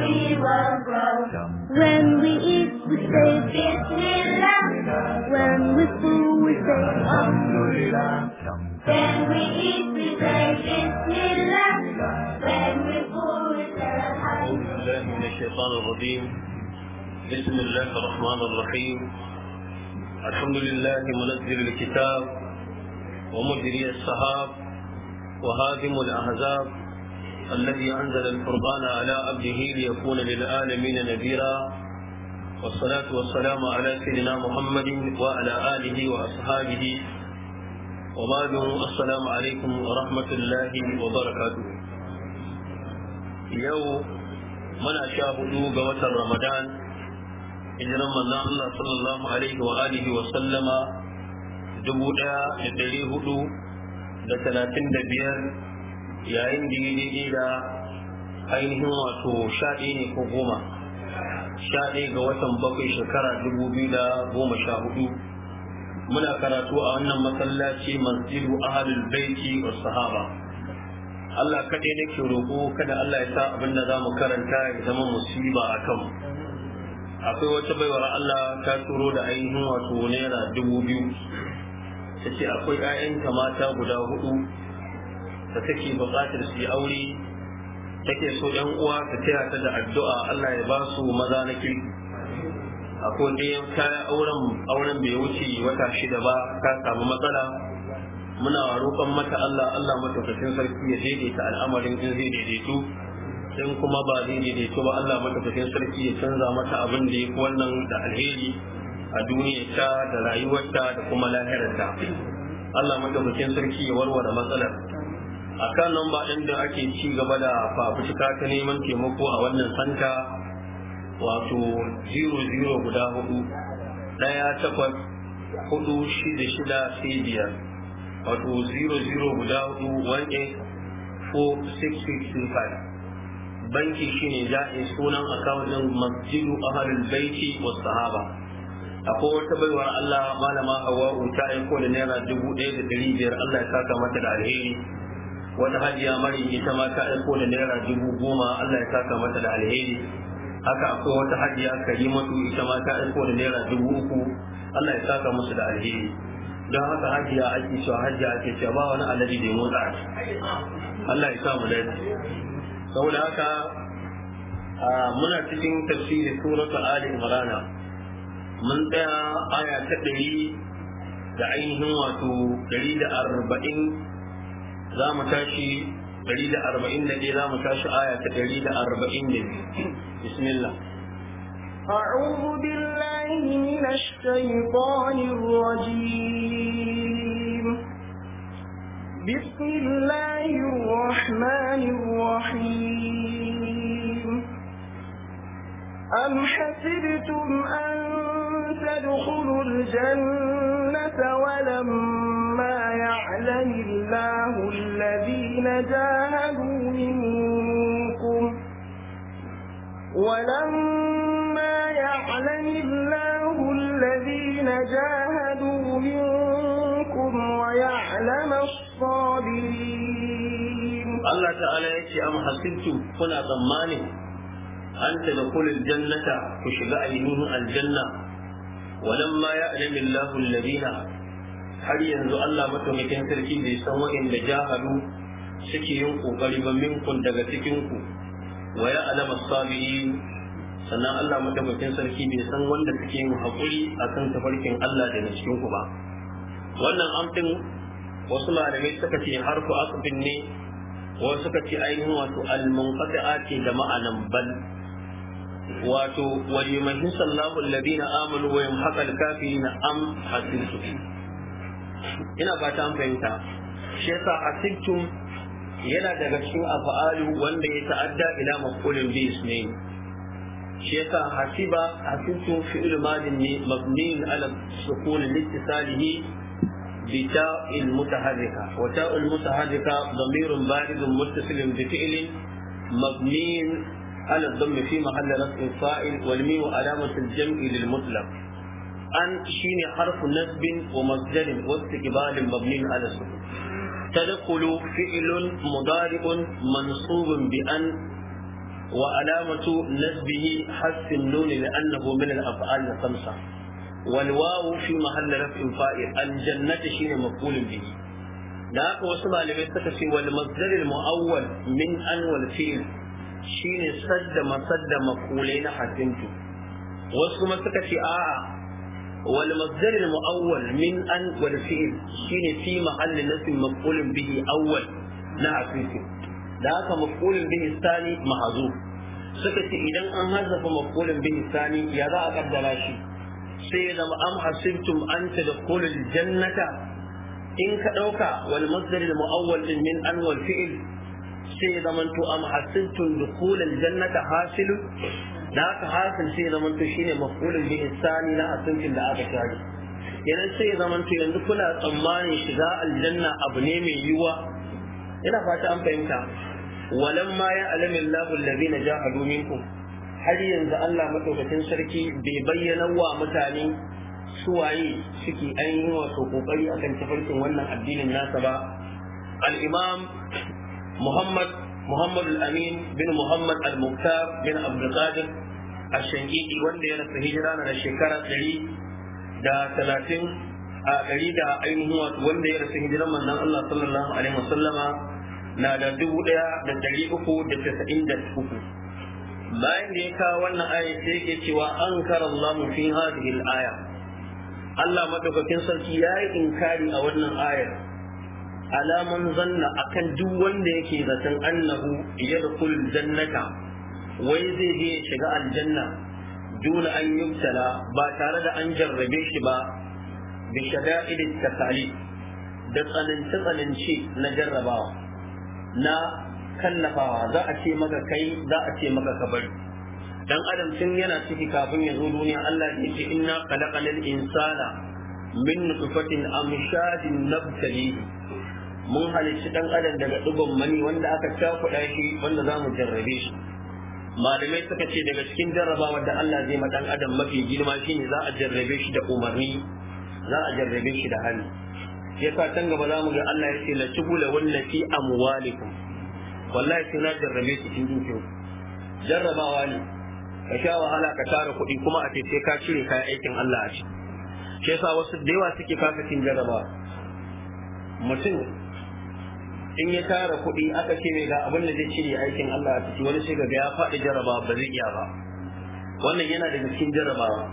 we will grow. When we eat, we say Bismillah. When we fool, we say Alhamdulillah. When we eat, we say Bismillah. When we fool, we say Alhamdulillah. بسم الله الرحمن الرحيم الحمد لله منزل الكتاب ومجري الصحاب وهادم الأحزاب الذي أنزل الفرقان على عبده ليكون للعالمين نذيرا والصلاة والسلام على سيدنا محمد وعلى آله وأصحابه وبعد السلام عليكم ورحمة الله وبركاته يوم من شاهدوا قوة رمضان إذن من الله صلى الله عليه وآله وسلم دبودا يدريه da talatin da biyar yayin da ya daidai da ainihin wato sha ne ko goma sha ga watan bakwai shekara dubu biyu da goma sha hudu muna karatu a wannan masallaci masjidu ahalul baiti wa sahaba Allah kaɗai nake roƙo kada Allah ya sa abin da za mu karanta ya zama musiba a kanmu akwai wata baiwar Allah ta turo da ainihin wato naira dubu biyu ta ce akwai 'ya'yanta mata guda hudu da take buƙatar su yi aure take so yan uwa su taya ta da addu'a Allah ya ba su maza na kirki akwai wanda ya kaya auren auren bai wuce wata shida ba ta samu matsala muna roƙon mata Allah Allah matafafin sarki ya daidaita al'amarin in zai daidaitu in kuma ba zai daidaito ba Allah matafafin sarki ya canza mata abin da ya fi wannan da alheri a duniyarta da rayuwarta da kuma lahirarta Allah matafafin sarki ya warware matsalar akan lamba ɗin da ake ci gaba da fafutuka ta neman taimako a wannan santa wato 00 guda hudu ɗaya takwas hudu shida shida sai biyar wato 00 guda hudu 1846625 banki shine ja'i sunan akawun ɗin masjidu ahalul baiti wa sahaba akwai wata baiwar Allah malama Hawwa ta aiko da naira dubu ɗaya da ɗari biyar Allah ya saka mata da alheri wata hajiya mari ita ma ta aiko da naira dubu goma Allah ya saka mata da alheri haka akwai wata hajiya karimatu ita ma ta aiko da naira dubu uku Allah ya saka musu da alheri don haka hajiya ake cewa hajiya ake cewa ba wani alaji da ya motsa Allah ya sa mu dace saboda haka muna cikin tafsirin suratul ali imran mun tsaya aya ta 100 da ainihin wato arba'in. za mu tashi 141 za mu tashi aya ta 142 bismillah أعوذ بالله من الشيطان الرجيم بسم الله الرحمن الرحيم أم حسبتم أن تدخلوا الجنة ولما الله الذين جاهدوا منكم ولما يعلم الله الذين جاهدوا منكم ويعلم الصابرين الله تعالى يأتي أم حسنتم كنا ضماني أنت دخول الجنة وشبع منه الجنة ولما يعلم الله الذين har yanzu Allah mataimakin sarki bai san waɗanda jahalu suke yin kokari ba minkun daga cikin ku wa ya alama sabirin sannan Allah mataimakin sarki bai san wanda suke yin haƙuri akan tafarkin Allah daga cikin ku ba wannan amfin wasu malamai suka ce harfu asbin ne wasu suka ce ainihin wato al-munqati'a ce da ma'anan bal wato wa yumahisallahu alladhina amanu wa yamhaqal kafirina am hasisu ina ba ta fahimta shi yasa asiktum yana daga cikin af'alu wanda ya ta'adda ila maf'ulin bi ismail shi yasa hasiba asiktum fi'il madin ne mabni ala sukun litisalihi bi ta'il mutaharrika wa ta'il mutaharrika damirun baridun muttasilun bi fi'lin mabni على الضم في محل رفع فاعل والميم علامة الجمع للمطلق an shine harfu nasbin wa masdarin wa istiqbalin mabnin ala sukun tadkhulu fi'lun mudari'un mansubun bi an wa alamatu nasbihi hasfin nun li'annahu min al-af'al al-khamsa wal wawu fi mahall raf'in fa'il al-jannati shine maf'ulun bihi da haka wasu malamai suka ce wal masdar mu'awwal min an wal fi'l shine sadda masadda maqulai na hasintu wasu kuma suka ce a'a والمصدر المؤول من أن والفعل شين في محل نصب مفعول به أول نعفيف ذاك مفعول به الثاني محذوف سكت إذا أن حذف مفعول به الثاني يا ذا أقدر شيء سيدا أم حسبتم أن تدخل الجنة إن كدوك والمصدر المؤول من أن والفعل sai ya zamanto am hasintun dukhulul jannata hasilun da haka hasil sai ya zamanto shine maf'ulun bi insani na hasintun da aka kare idan sai ya zamanto yanzu kuna tsammanin shiga aljanna abu ne mai yiwuwa ina fata an fahimta walamma ya alamin lahu allazina jahadu minkum har yanzu Allah madaukakin sarki bai bayyana wa mutane suwaye suke ainihin wato kokari akan tafarkin wannan addinin nasa ba al-imam محمد محمد الأمين بن محمد المختار بن عبد القادر الشنقيطي wanda ya rasu hijira na shekara ɗari da talatin a ɗari da ainihin wato wanda ya rasa hijiran manzon Allah sallallahu alaihi wasallama na da dubu ɗaya da ɗari uku da tasa'in da uku bayan da ya kawo wannan aya sai yake cewa an kara Allah fi hadhihi al-aya Allah madaukakin sarki yi inkari a wannan ayar alaman zanna akan duk wanda yake zaton annahu yadkhul jannata wai zai je shiga aljanna dole an yubtala ba tare da an jarrabe shi ba bi shada'id takali da tsananci tsananci na jarrabawa na kallafawa za a ce maka kai za a ce maka kabari dan adam tun yana ciki kafin ya zo duniya Allah ya ce inna khalaqal insana min nutfatin amshadin nabtalihi mun halicci dan adam daga dubon mani wanda aka cakuɗa shi wanda za mu jarrabe shi malamai suka ce daga cikin jarrabawa da Allah zai ma dan adam mafi girma shine za a jarrabe shi da umarni za a jarrabe shi da hali yasa can gaba za mu ga Allah ya ce la tubula wallati amwalikum wallahi sai na jarrabe su cikin dukiyoyi jarrabawa ne ka sha wahala ka tara kuɗi kuma a ce sai ka cire kayan aikin Allah a ciki shi yasa wasu da yawa suke kasa cin jarrabawa mutum in ya tara kuɗi aka ce mai ga abin da zai cire aikin Allah a ciki wani shiga ya faɗi jaraba ba zai iya ba wannan yana da cikin jarabawa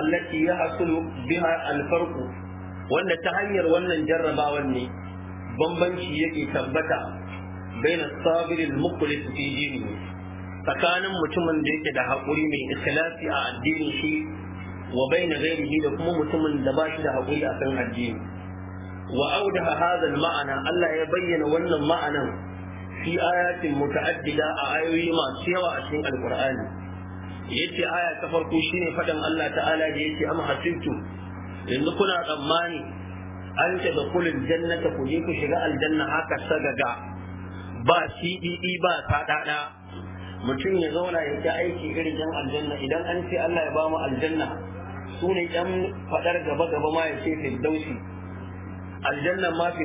allati ya hasulu biha alfarqu wanda ta hanyar wannan jarrabawan ne bambanci yake tabbata bain as-sabir al fi dinihi tsakanin mutumin da yake da haƙuri mai ikhlasi a addinin shi wa bain ghairihi da kuma mutumin da ba shi da hakuri a kan addini wa audaha hadha maana Allah ya bayyana wannan ma'anan fi ayatin muta'addida a ayoyi masu yawa a cikin alqur'ani yace aya ta farko shine fadan Allah ta'ala da yace am hasibtu yanzu kuna tsammani an ta da kulin jannata ku je ku shiga aljanna haka sagaga ba CDE ba sadada mutum ya zauna ya ta aiki irin yan aljanna idan an ce Allah ya ba aljanna su ne yan faɗar gaba gaba ma ya ce firdausi aljanna ma fi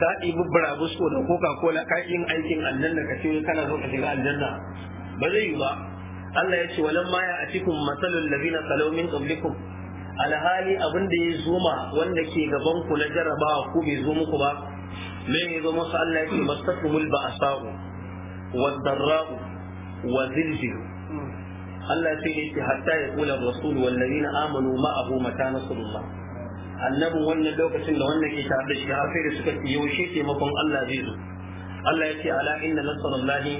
ka ɗibi burabusko da coca cola ka yin aikin aljanna ka ce kana zo ka shiga aljanna ba zai yi ba Allah ya ce walan ma ya atikum masalul ladina salaw min qablikum alhali abin da ya zo ma wanda ke gaban ku na jarabawa ku bai zo muku ba me ya zo musu Allah ya ce mastakumul ba'sa'u wad wa zilzilu hmm. Allah ya ce hatta ya kula rasul wal ladina amanu ma'ahu mata nasrullah annabin wannan lokacin da wannan ke tare da shi har sai da suka ce yaushe taimakon Allah zai zo Allah ya ce ala inna nasrullahi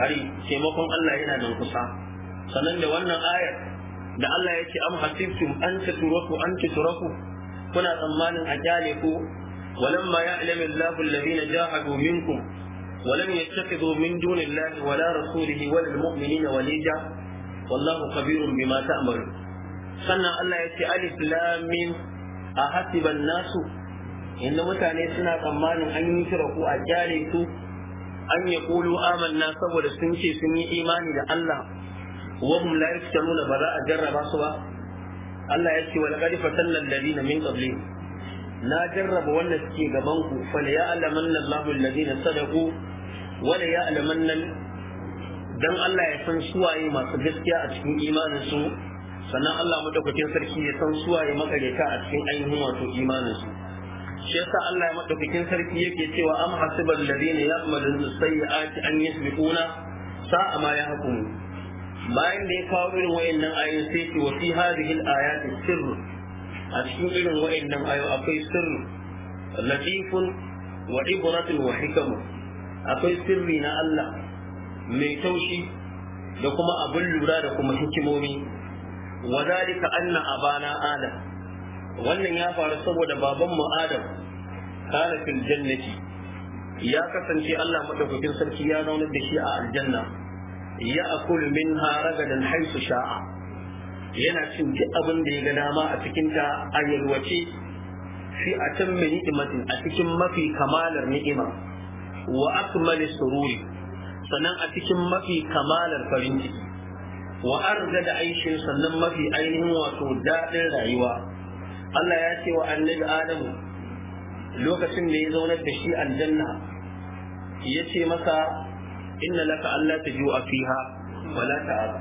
hari taimakon Allah yana nan kusa sannan da wannan ayar da Allah ya ce am hasibtum an taturaku an taturaku kuna tsammanin a kyale ku ولما يعلم الله الذين جاهدوا منكم ولم يتخذوا من دون الله ولا رسوله ولا المؤمنين وليجا والله خبير بما تأمر سنة الله يتي ألف لام a hasiban nasu inda mutane suna tsammanin an yi kira ko a kyale su an ya kulu amanna saboda sun ce sun yi imani da Allah wa hum la yaftanuna ba za a jarraba su ba Allah ya ce wal qad fatanna alladhina min qabli na jarraba wanda suke gaban ku la ya'lamanna Allahu alladhina sadaqu wa la ya'lamanna dan Allah ya san suwaye masu gaskiya a cikin imanin su sannan Allah madaukakin sarki ya san ya makareta a cikin ainihin wato imaninsu shi yasa Allah madaukakin sarki yake cewa am hasibal ladina ya'maluna sayyi'ati an yasbiquna sa'a ma yahkumu bayan da ya kawo irin wayannan ayoyi sai ce wa fi hadhihi al-ayati sirr a cikin irin wayannan ayoyi akwai sirr latifun wa ibratun wa hikamu akwai sirri na Allah mai taushi da kuma abin lura da kuma hikimomi wa zalika anna abana adam wannan ya faru saboda babanmu mu adam kana ya kasance Allah madaukakin sarki ya zauna da shi a aljanna ya akul minha ragadan haisu sha'a yana cin duk abin da ya ga dama a cikin ta a fi a can ni'imatin a cikin mafi kamalar ni'ima wa akmalis sururi sannan a cikin mafi kamalar farin ciki wa arda da aishin sannan mafi ainihin wato daɗin rayuwa Allah ya ce wa annabi Adamu lokacin da ya zaunar da shi aljanna ya ce masa inna laka Allah ta ju'a fiha wa la ta'aba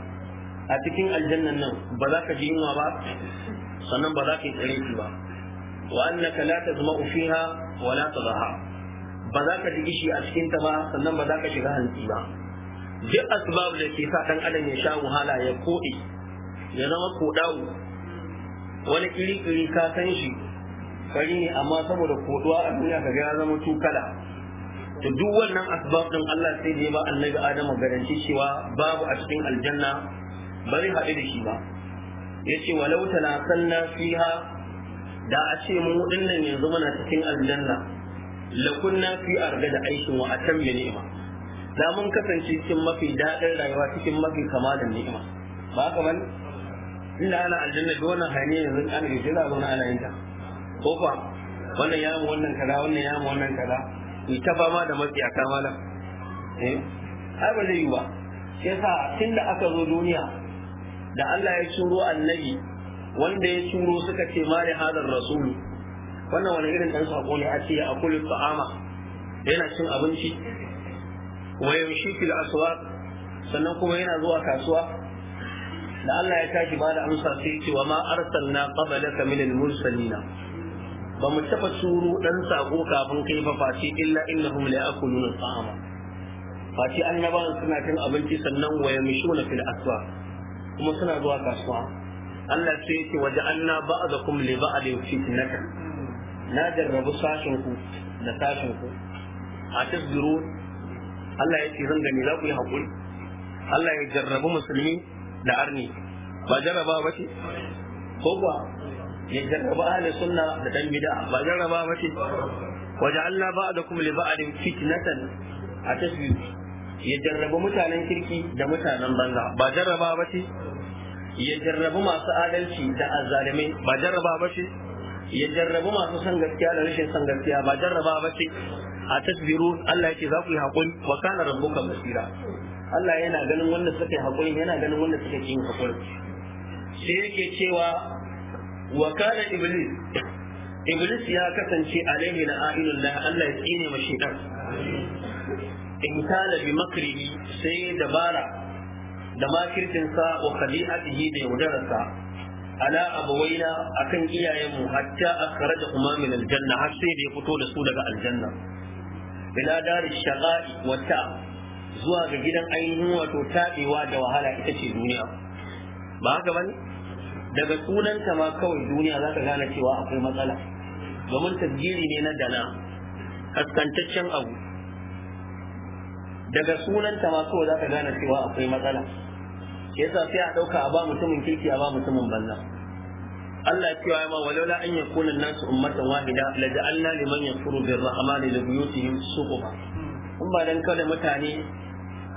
a cikin aljannan nan ba za ka ji yunwa ba sannan ba za ka yi tsare ba wa annaka la tazma'u fiha wa la tadha ba za ka ji gishi a cikin ta ba sannan ba za ka shiga hantsi ba duk asbab da ke sa dan adam ya sha wahala ya kode ya zama kodawo wani kiri-kiri ka san shi fari ne amma saboda koduwa a duniya ka ga, ya zama tukala to duk wannan asbab din Allah sai da ya ba annabi Adamu garanti cewa babu a cikin aljanna bari haɗu da shi ba ce walau tanasanna fiha da a ce mu dinnan yanzu muna cikin aljanna lakunna fi arga da aishin wa atam ni'ima da mun kasance cikin mafi daɗin rayuwa cikin mafi kamalin ni'ima ba haka bane inda ana aljanna da wannan hanyar yanzu an yi jira zauna ana yin ta ko fa wannan ya mu wannan kaza wannan ya mu wannan kaza yi ta fama da matsiyaka malam eh ai ba zai yi ba shi yasa tunda aka zo duniya da Allah ya turo annabi wanda ya turo suka ce ma da hadar rasulu wannan wani irin dan sako ne a ce ya akulu ta'ama yana cin abinci ويمشي في الأسواق سننكم هنا ذو كاسوا da Allah ya tashi ba da amsa sai ce wa ma arsalna qablaka min al-mursalin ba mu taba turo dan sako kafin kai fa face illa innahum la yakuluna ta'ama face annabawan suna cin abinci sannan wa yamshuna fil aswa kuma suna zuwa kasuwa Allah sai yake wa na jarrabu sashin ku da sashin ku a Allah ya ce zan gani za ku yi haƙuri Allah ya jarrabu musulmi da arni ba jarraba ba ce ko kuwa ya jarraba ahli sunna da dan bid'a ba jarraba ba ce waja'alna ba'dakum li ba'din fitnatan a tasbih ya jarraba mutanen kirki da mutanen banza ba jarraba ba ce ya jarrabu masu adalci da azzalimai ba jarraba ba ce ya jarrabu masu san gaskiya da rashin san gaskiya ba jarraba ba ce a tasbiru Allah yake za ku yi hakuri wa kana rabbuka basira Allah yana ganin wanda suka yi hakuri yana ganin wanda suka yi hakuri sai yake cewa wa kana iblis iblis ya kasance alaihi la'inullah Allah ya tsine ma shaitan in kana bi makri sai dabara da sa wa khali'atihi da yaudararsa ala abawaina akan iyayenmu hatta akhraja kuma min aljanna har sai da ya fito da su daga aljanna ila dari shaga'i wata zuwa ga gidan ainihin wato taɗewa da wahala ita ce duniya ba haka bane daga sunanta ma kawai duniya za ka gane cewa akwai matsala domin tasgiri ne na dana kaskantaccen abu daga sunanta ma kawai za ka gane cewa akwai matsala yasa sai a ɗauka a ba mutumin kirki a ba mutumin banza Allah ya cewa ma walaula an yakuna an-nasu ummatan wahida la ja'alna liman yakfuru bir-rahmani li buyutihim suquba in ba dan kada mutane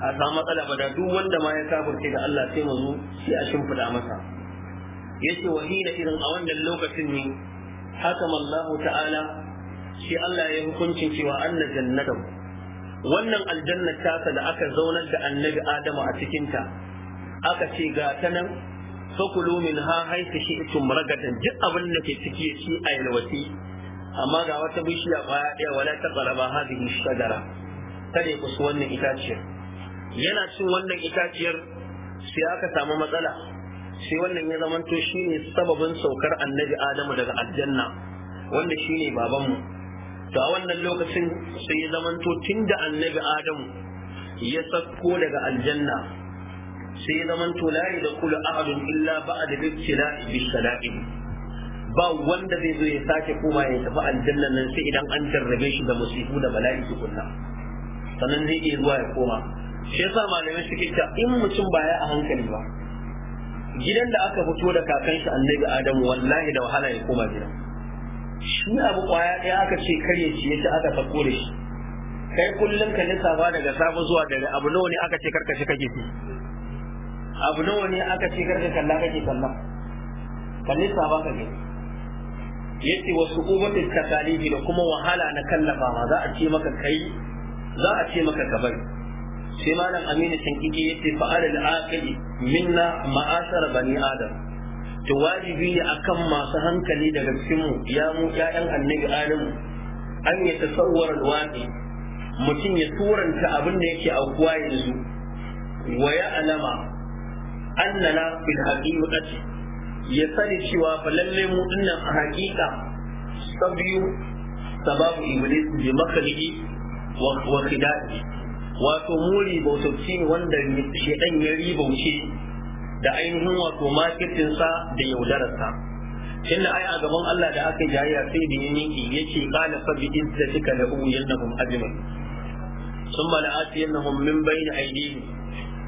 a samu matsala ba da duk wanda ma ya kafirce da Allah sai mu zo sai a shimfida masa yace wahida irin a wannan lokacin ne hakama Allah ta'ala shi Allah ya hukuncin cewa anna jannatahu wannan aljannar tasa da aka zaunar da annabi Adamu a cikinta aka ce ga ta nan fakulu min ha haisu shi itum ragadan duk abin da ke ciki shi a yalwaci amma ga wata bishiya baya ɗaya wala ta qaraba hadhihi shajara kada ku kusa wannan itaciyar yana cin wannan itaciyar sai aka samu matsala sai wannan ya zamanto ne sababin saukar annabi adamu daga aljanna wanda shi ne babanmu to a wannan lokacin sai ya zamanto da annabi adamu ya sakko daga aljanna sai zaman to la kula ahadun illa ba'da ibtila'i bi sala'im ba wanda zai zo ya sake koma ya tafi aljanna nan sai idan an jarrabe shi da musibu da bala'i tukunna sannan zai iya zuwa ya koma shi yasa malamai suke cewa in mutum ba ya a hankali ba gidan da aka fito da kakan shi annabi adamu wallahi da wahala ya koma gidan shi abu kwaya ɗaya aka ce karya ciye ta aka sako da shi kai kullum ka ba daga safe zuwa daga abu nawa ne aka ce karkashi kake fi abu nawa ne aka ce garga kalla kake kallon kalli ba ka gani yace wasu ubatin takalifi da kuma wahala na kallafa ma za a ce maka kai za a ce maka gabar sai malam aminu tankiki yace fa al-aqili minna ma'asar bani adam to wajibi ne akan masu hankali daga cikin mu ya mu ƴaƴan annabi adam an ya tasawwara alwaqi mutum ya turanta abin da yake aukuwa yanzu wa ya alama annana fil haqiqati ya sani cewa fa lalle mu dinnan a haqiqa sabiyu sababu iblis bi makhliqi wa khidai wato muri bautauci ne wanda shedan ya ribauce da ainihin wato makitinsa da yaudararsa inna ai a gaban Allah da aka jayya sai da yin yake yace qala fa bi izzatika la uwiyannahum ajmain thumma la atiyannahum min bayni aydihim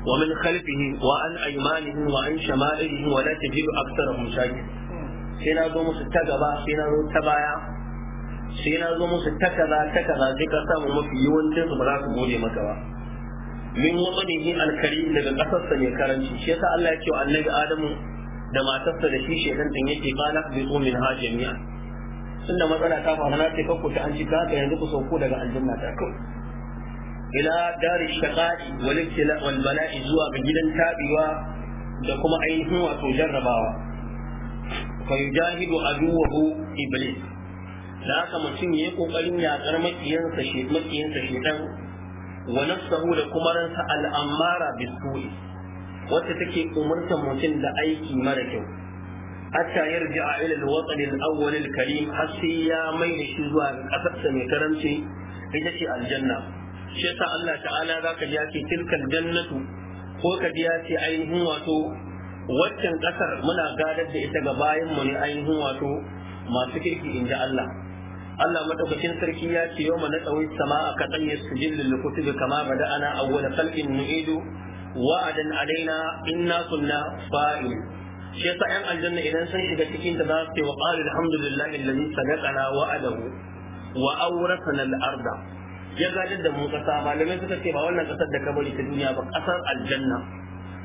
ومن خلفهم وعن أيمانهم وعن شمالهم ولا تجد أكثرهم شاكر سينا زو مسو سينا زو تبايا سينا زو مسو تكذا تكذا زي ka samu mafi yawancin su ba za su gode maka ba min watsanihi alkarim daga kasarsa mai karanci shi yasa Allah ya ce wa annabi Adamu da matarsa da shi shekan din yake kana bi min ha jami'a matsala ta faru ce ka ta an ci ka yanzu ku daga ta ila dari shaqa'i wal ibtila wal bala'i zuwa ga gidan tabiwa da kuma ainihin wato jarrabawa fa yujahidu aduwahu iblis da haka mutum ya yi kokarin yakar makiyansa shi makiyansa shedan wa nafsahu da kuma ransa al'amara bisu'i wacce take umurtar mutum da aiki mara kyau hatta yarja ila al-watan al karim har sai ya maida da shi zuwa ƙasarsa mai karamci ita ce aljanna shi yasa Allah ta'ala zaka ji ya ce tilkal jannatu ko ka ji ya ce ainihin wato waccan kasar muna gadar da ita ga bayan mu ne ainihin wato masu kirki in ji Allah Allah madaukakin sarki ya ce yau mana tsawon sama'a ka tsanye su jillin lukutu kama bada ana awwala kalbin nu'idu wa'adan alaina inna kunna fa'il shi yasa yan aljanna idan sun shiga cikin da za su ce wa qala alhamdulillahi alladhi sadaqana wa'adahu wa awrasana al-arda ya gadar da mu kasa malamai suka ce ba wannan kasar da ka bari ta duniya ba kasar aljanna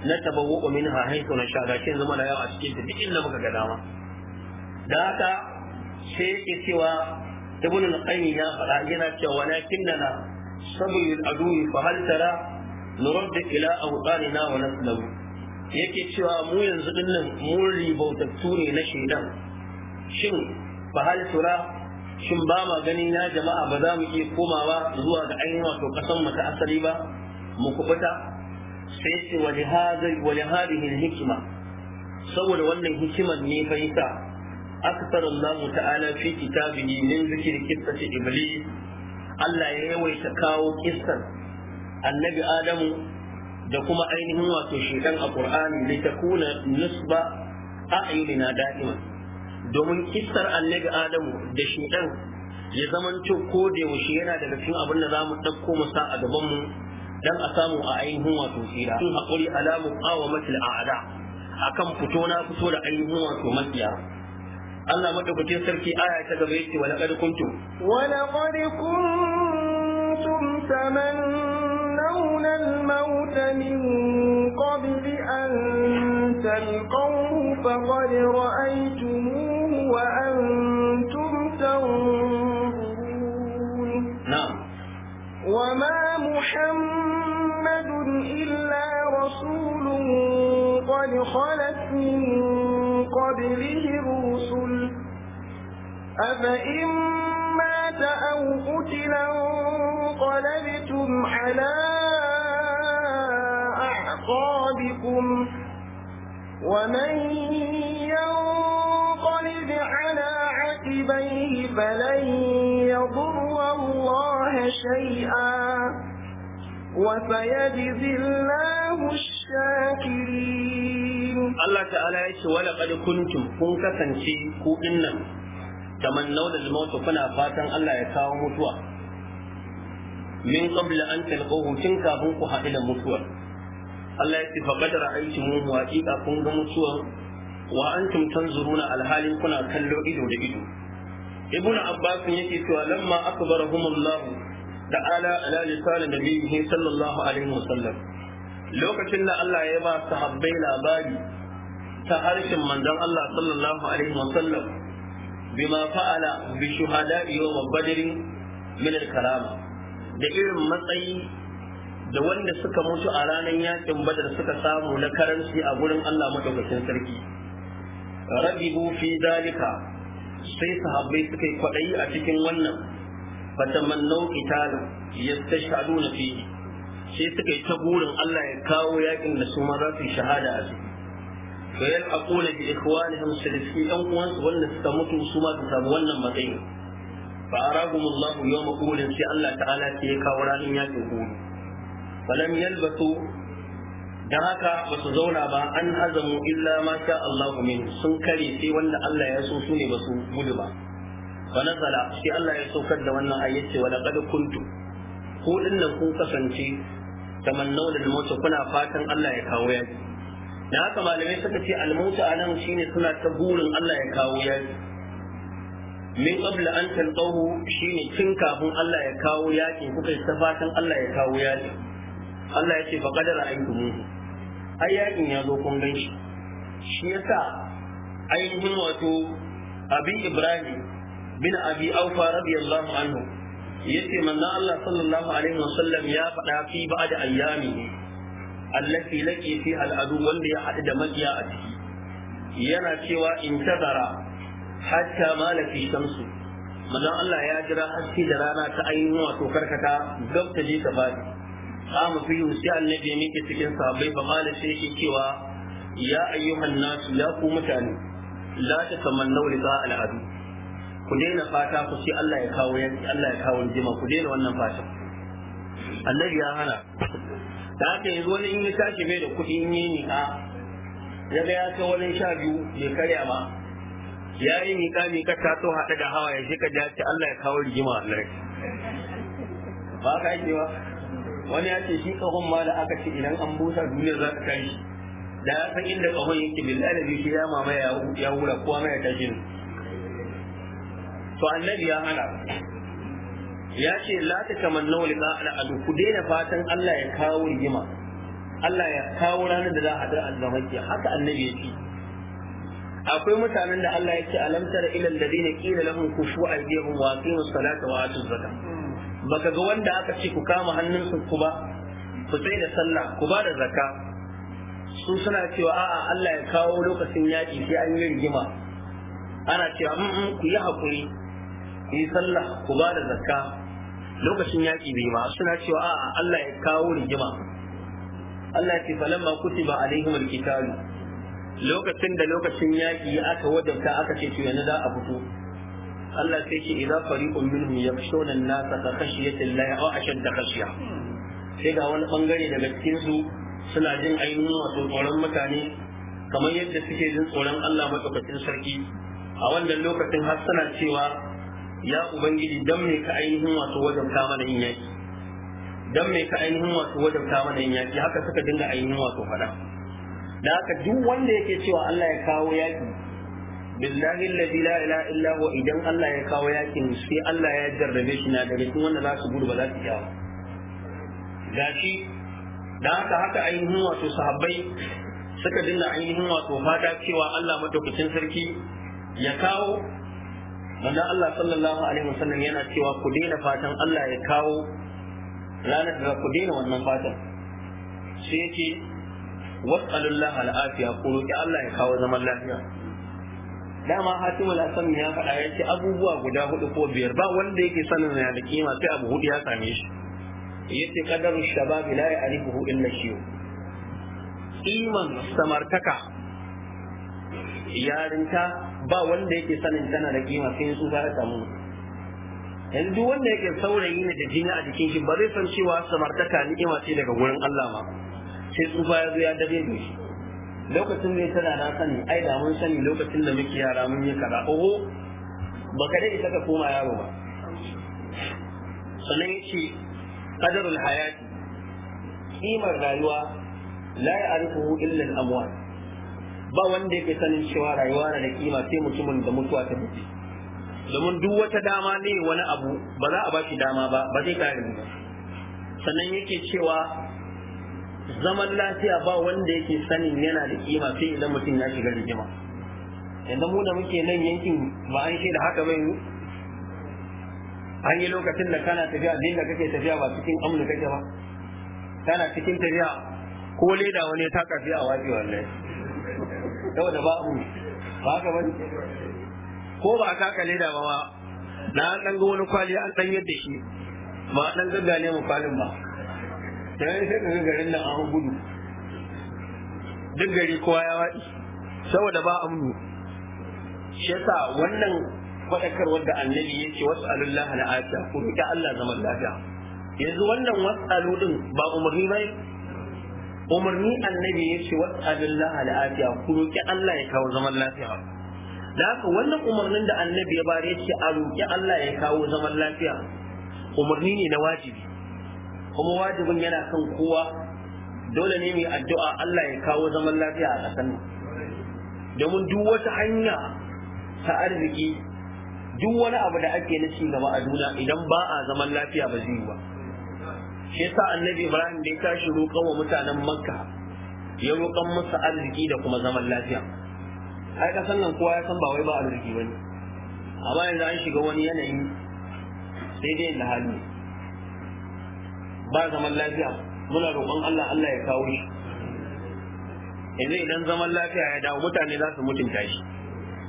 na tabawwa minha haythu na sha gashi yanzu mana yawa a cikin ta duk inda muka ga dama da haka sai yake cewa ibn al-qayyim ya fara yana cewa walakinnana sabiyu al-aduwi fa hal tara nurad ila awtanina wa naslamu yake cewa mu yanzu dinnan mun ribautattu ne na shaidan shin fa hal tura shin ba ma ganin ya jama'a ba za mu iya komawa zuwa ga ainihin wato kasan mu ta asali ba mu kubuta sai ce wa lihadhi hikima. saboda wannan hikimar ne fahimta yasa akthar Allah ta'ala fi kitabihi min zikri qissati iblis Allah ya yawaita kawo kissar annabi Adamu da kuma ainihin wato shedan a Qur'ani kuna nusba a'yunina da'iman domin kistar kissar ga adamu da shi Dan ya zaman zamanto ko da yaushe yana daga cikin abin da zamu ɗauko masa a gaban mu dan a samu a ainihin wato tsira sun haƙuri alamu qawamatil a'da akan fito na fito da ainihin wato makiya Allah madaukakin sarki aya ta gaba yace wa laqad kuntum wa laqad kuntum tamannawna al-maut min qabli an talqaw faqad ra'aytumuhu وأنتم تنظرون نعم وما محمد إلا رسول قد خلت من قبله الرسل أفإن مات أو قتلا انقلبتم على أعقابكم ومن ينظر على عقبيه فلن يضر الله شيئا وسيجزي الله الشاكرين الله تعالى يقول ولقد كنتم كن كسنتي كو إنن تمنوا الموت كنا فاتا الله يكاو متوى من قبل أن تلقوه تنكا بنكو هائلا متوى Allah ya ce fa qad ra'aytumuhu haqiqa kun ga mutuwan wa antum tanzuruna alhalin kuna kallo ido da ido ibnu abbas yake cewa lamma akbarahum allah ta'ala ala lisan nabiyhi sallallahu alaihi wasallam lokacin da Allah ya ba sahabbai labari ta harshen manzon Allah sallallahu alaihi wasallam bima fa'ala bi shuhada'i yawm badr min al-karama da irin matsayi da wanda suka mutu a ranar yakin badar suka samu na karanci a gurin Allah madaukakin sarki rabibu fi dalika sai sahabbai suka yi kwaɗayi a cikin wannan fatamannau italu yastashhaduna fihi sai suka yi ta burin Allah ya kawo yakin da su ma za su yi shahada a ciki to yan aqula bi ikhwanihim sadiski dan uwansu wanda suka mutu su ma su samu wannan matsayin fa arahumullahu yawma qulin sai Allah ta'ala sai ya kawo ranar yakin uhud falam yalbasu Da haka ba su zauna ba an azamu illa ma sha Allahu min sun kare sai wanda Allah ya so su ne ba su gudu ba fa nazala sai Allah ya saukar da wannan ayyace wa laqad kuntu ku dinnan ku kasance tamannau da mutu kuna fatan Allah ya kawo yaki da haka malamai suka ce almauta anan shine suna ta burin Allah ya kawo yaki min qabla an talqahu shine tun kafin Allah ya kawo yaki kuka ta fatan Allah ya kawo yaki Allah ya ce fa qadara ayyukum ai yakin ya zo kun gan shi shi yasa ainihin wato abi ibrahim bin abi aufa radiyallahu anhu yace manzon Allah sallallahu alaihi wasallam ya faɗa fi ba'd ayyami allati laki fi al'adu wanda ya haɗu da makiya a ciki yana cewa in tazara hatta malafi shamsu manzon Allah ya jira haske da rana ta ainihin wato karkata gab ta je ta bada qama fi sai annabi ya miƙe cikin sahabbai fa qala sai yake cewa ya ayyuhan nas ya ku mutane la tatamannu liqa al'adu ku daina fata ku ce Allah ya kawo yanki Allah ya kawo jima ku daina wannan annabi ya hana da haka yanzu wani in ya tashi bai da kuɗi in yi niƙa ya ga ya kai wani sha biyu bai karya ba ya yi miƙa miƙa ta to haɗe da hawa ya je ka ji Allah ya kawo rigima a ba ka yi ba wani ya ce shi kahon ma da aka ce idan an busa duniya za ta tashi da ya san inda kahon yake bil da shi ya mama ya hura kowa mai tashin to annabi ya hana ya ce la ta tamannu liqa al adu ku daina fatan Allah ya kawo rigima Allah ya kawo ranar da za a da annabi haka annabi ya ce akwai mutanen da Allah ya ce alam tara ila alladhina qila lahum kufu aydihim wa aqimus salata wa atuz zakata baka ga wanda aka ce ku kama hannunsu ku ba ku sai da sallah ku ba da zakka su suna cewa a'a Allah ya kawo lokacin yaƙi sai an yi rigima ana cewa mm, mm ku yi hakuri ku yi sallah ku ba da zakka lokacin yaƙi bai ma suna cewa a'a Allah ya kawo rigima Allah ya ce falamma kutiba alaihim qitalu lokacin da lokacin yaƙi aka wajabta aka ce to yanzu za a fito Allah sai ce idza fariqun minhum yakhshawna an-nasa ka khashyati Allah aw ashadda khashya sai ga wani bangare daga cikin su suna jin ainihin wato tsoron mutane kamar yadda suke jin tsoron Allah madaukakin sarki a wannan lokacin har suna cewa ya ubangiji dan me ka ainihin wato wajen ta mana in yaki dan me ka ainihin wato wajen ta mana in yaki haka suka dinga ainihin wato fada da haka duk wanda yake cewa Allah ya kawo yaki billahi alladhi la ilaha illa huwa idan Allah ya kawo yakin sai Allah ya jarrabe shi na daga cikin wanda za su gudu ba za su yawa gashi da haka haka ainihin wato sahabbai suka dinga ainihin wato fata cewa Allah madaukakin sarki ya kawo manzo Allah sallallahu alaihi wasallam yana cewa ku daina fatan Allah ya kawo ranar da ku daina wannan fatan sai yake wasalullahi al'afiya ku roki Allah ya kawo zaman lafiya dama hatimul san ya faɗa ya ce abubuwa guda hudu ko biyar ba wanda yake sanin na da kima sai abu hudu ya same shi yace kadaru shababi la ya'rifuhu illa shi iman samartaka yarinta ba wanda yake sanin tana da kima sai tsufa ta mu yanzu duk wanda yake saurayi ne da jini a jikin shi ba zai san cewa samartaka ni'ima ce daga gurin Allah ma sai tsufa ya zo ya dabe shi lokacin da ya tana na sani ai da mun sani lokacin da muke yara mun yi kaza oho baka dai ka koma yaro ba sannan yace qadarul hayati kimar rayuwa la ya'rifuhu illa al-amwat ba wanda yake sanin cewa rayuwa na da kima sai mutumin da mutuwa ta buɗe domin duk wata dama ne wani abu ba za a ba shi dama ba ba zai kare ba sannan yake cewa zaman lafiya ba wanda yake sanin yana da kima sai idan mutum ya shiga rigima yanzu mu da muke nan yankin ba an shi da haka bai yi? an yi lokacin da kana tafiya din da kake tafiya ba cikin amnu kake ba kana cikin tafiya ko leda wani ta kafi a waje wallahi da ba mu ba haka ba ko ba ka ka leda ba ba na an dan ga wani kwali an dan yadda shi ba dan gaggane mu kwalin ba da yan sai kaga garin nan an gudu duk gari kowa ya waɗi saboda ba amnu shi yasa wannan faɗakar wanda annabi ya ce wasu alullah al'afiya ku roƙi Allah zaman lafiya yanzu wannan wasu din ba umarni ba umarni annabi ya ce wasu alullah al'afiya ku roƙi Allah ya kawo zaman lafiya da haka wannan umarnin da annabi ya bari ya ce a roƙi Allah ya kawo zaman lafiya umarni ne na wajibi kuma wajibin yana kan kowa dole ne mai addu'a Allah ya kawo zaman lafiya a ƙasar nan domin duk wata hanya ta arziki duk wani abu da ake na gaba a duna idan ba a zaman lafiya ba zai ba shi yasa annabi Ibrahim da ya tashi roƙon wa mutanen Makka ya roƙon musu arziki da kuma zaman lafiya ai ƙasar nan kowa ya san ba wai ba arziki ne amma yanzu an shiga wani yanayi sai dai da hali ba zaman lafiya muna roƙon Allah Allah ya kawo shi yanzu idan zaman lafiya ya dawo mutane za su mutunta shi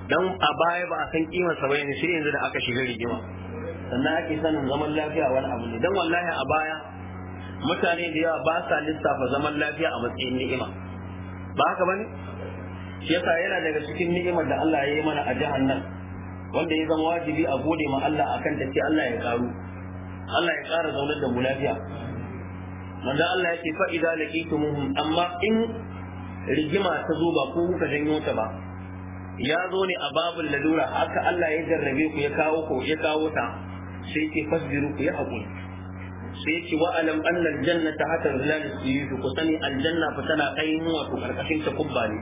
dan a baya ba a san kimarsa ba yanzu sai yanzu da aka shiga rigima sannan ake sanin zaman lafiya wani abu ne dan wallahi a baya mutane da yawa ba sa lissafa zaman lafiya a matsayin ni'ima ba haka bane shi yasa yana daga cikin ni'imar da Allah ya yi mana a nan, wanda ya zama wajibi a gode ma Allah akan ta ce Allah ya karu Allah ya kara zaunar da mu lafiya manzo Allah yake fa idza laqitumuhum amma in rigima ta zo ba ko kuka janyo ta ba ya zo ne a babul lalura haka Allah ya jarrabe ku ya kawo ku ya kawo ta sai ke fasbiru ku ya haƙuri. sai yake wa alam anna aljannata hatta zilal suyuf ku sani aljanna fa tana ainihin wato karkashin ta kubba ne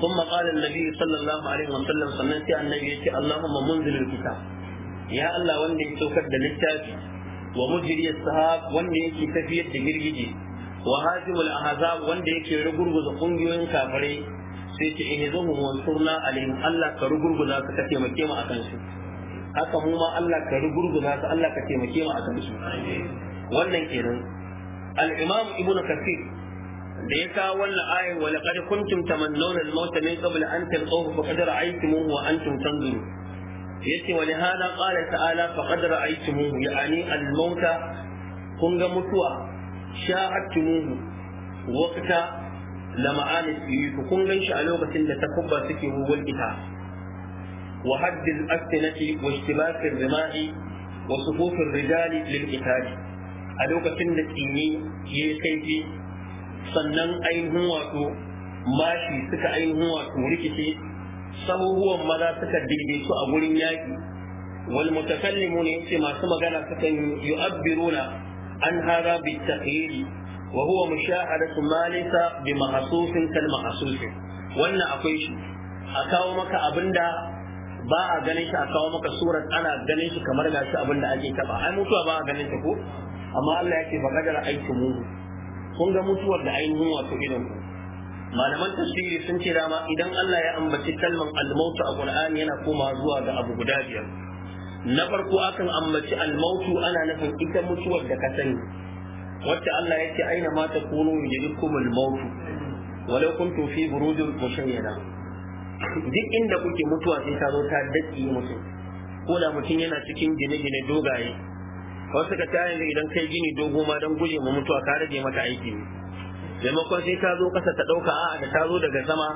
ثم قال النبي صلى الله عليه وسلم سنة النبي اللهم منزل الكتاب يا الله وندي سوكر للتاجي wa mujriyas sahab wanda yake tafiyar da girgije wa hazimul ahzab wanda yake rugurguza kungiyoyin kafirai sai ce ihzamu wansurna alaihim Allah ka rugurguza su ka taimake mu akan su haka mu ma Allah ka rugurguza su Allah ka taimake mu akan su wannan kenan al-imam ibn kathir da ya kawo wannan ayar wa laqad kuntum tamannawna al-mauta min qabl an talqahu faqad ra'aytumuhu wa antum tanzurun yace wa lihada qala ta'ala faqad ra'aytumuhu ya'ani al-mauta kun ga mutuwa sha'atumuhu waqta lama'ani fi kun gan shi a lokacin da takubba suke wuwul ita wa haddil astinati wa ishtibak ar-rima'i wa sufuf ar-rijali lil qital a lokacin da tsini yayi kaifi sannan ainihin wato mashi suka ainihin wato rikici Sabubuwan maza suka daidaitu a gurin yaƙi wal mutakallimun yace masu magana sukan yu'abbiruna an hada bi tahyili wa huwa mushahadatu ma laysa bi mahsusin kal mahsusin wannan akwai shi a kawo maka abinda ba a ganin shi a kawo maka surar ana ganin shi kamar gashi abinda ake taba ai mutuwa ba a ganin ko amma Allah yake ba kadar aikin mu kun ga mutuwar da ainihin wato idan ku malaman tafsiri sun ce dama idan Allah ya ambaci kalman almautu a Qur'ani yana koma zuwa ga abu guda biyar na farko akan ambaci almautu ana nufin ita mutuwar da ka sani wacce Allah ya ce aina ma takunu yudrikum almautu walau kuntu fi burujin mushayyada duk inda kuke mutuwa sai ta zo ta daki mutum ko da mutum yana cikin gine-gine dogaye wasu ka tayin idan kai gini dogo ma don guje ma mutuwa ka rage mata aiki ne maimakon sai ta zo kasa ta ɗauka a da ta zo daga sama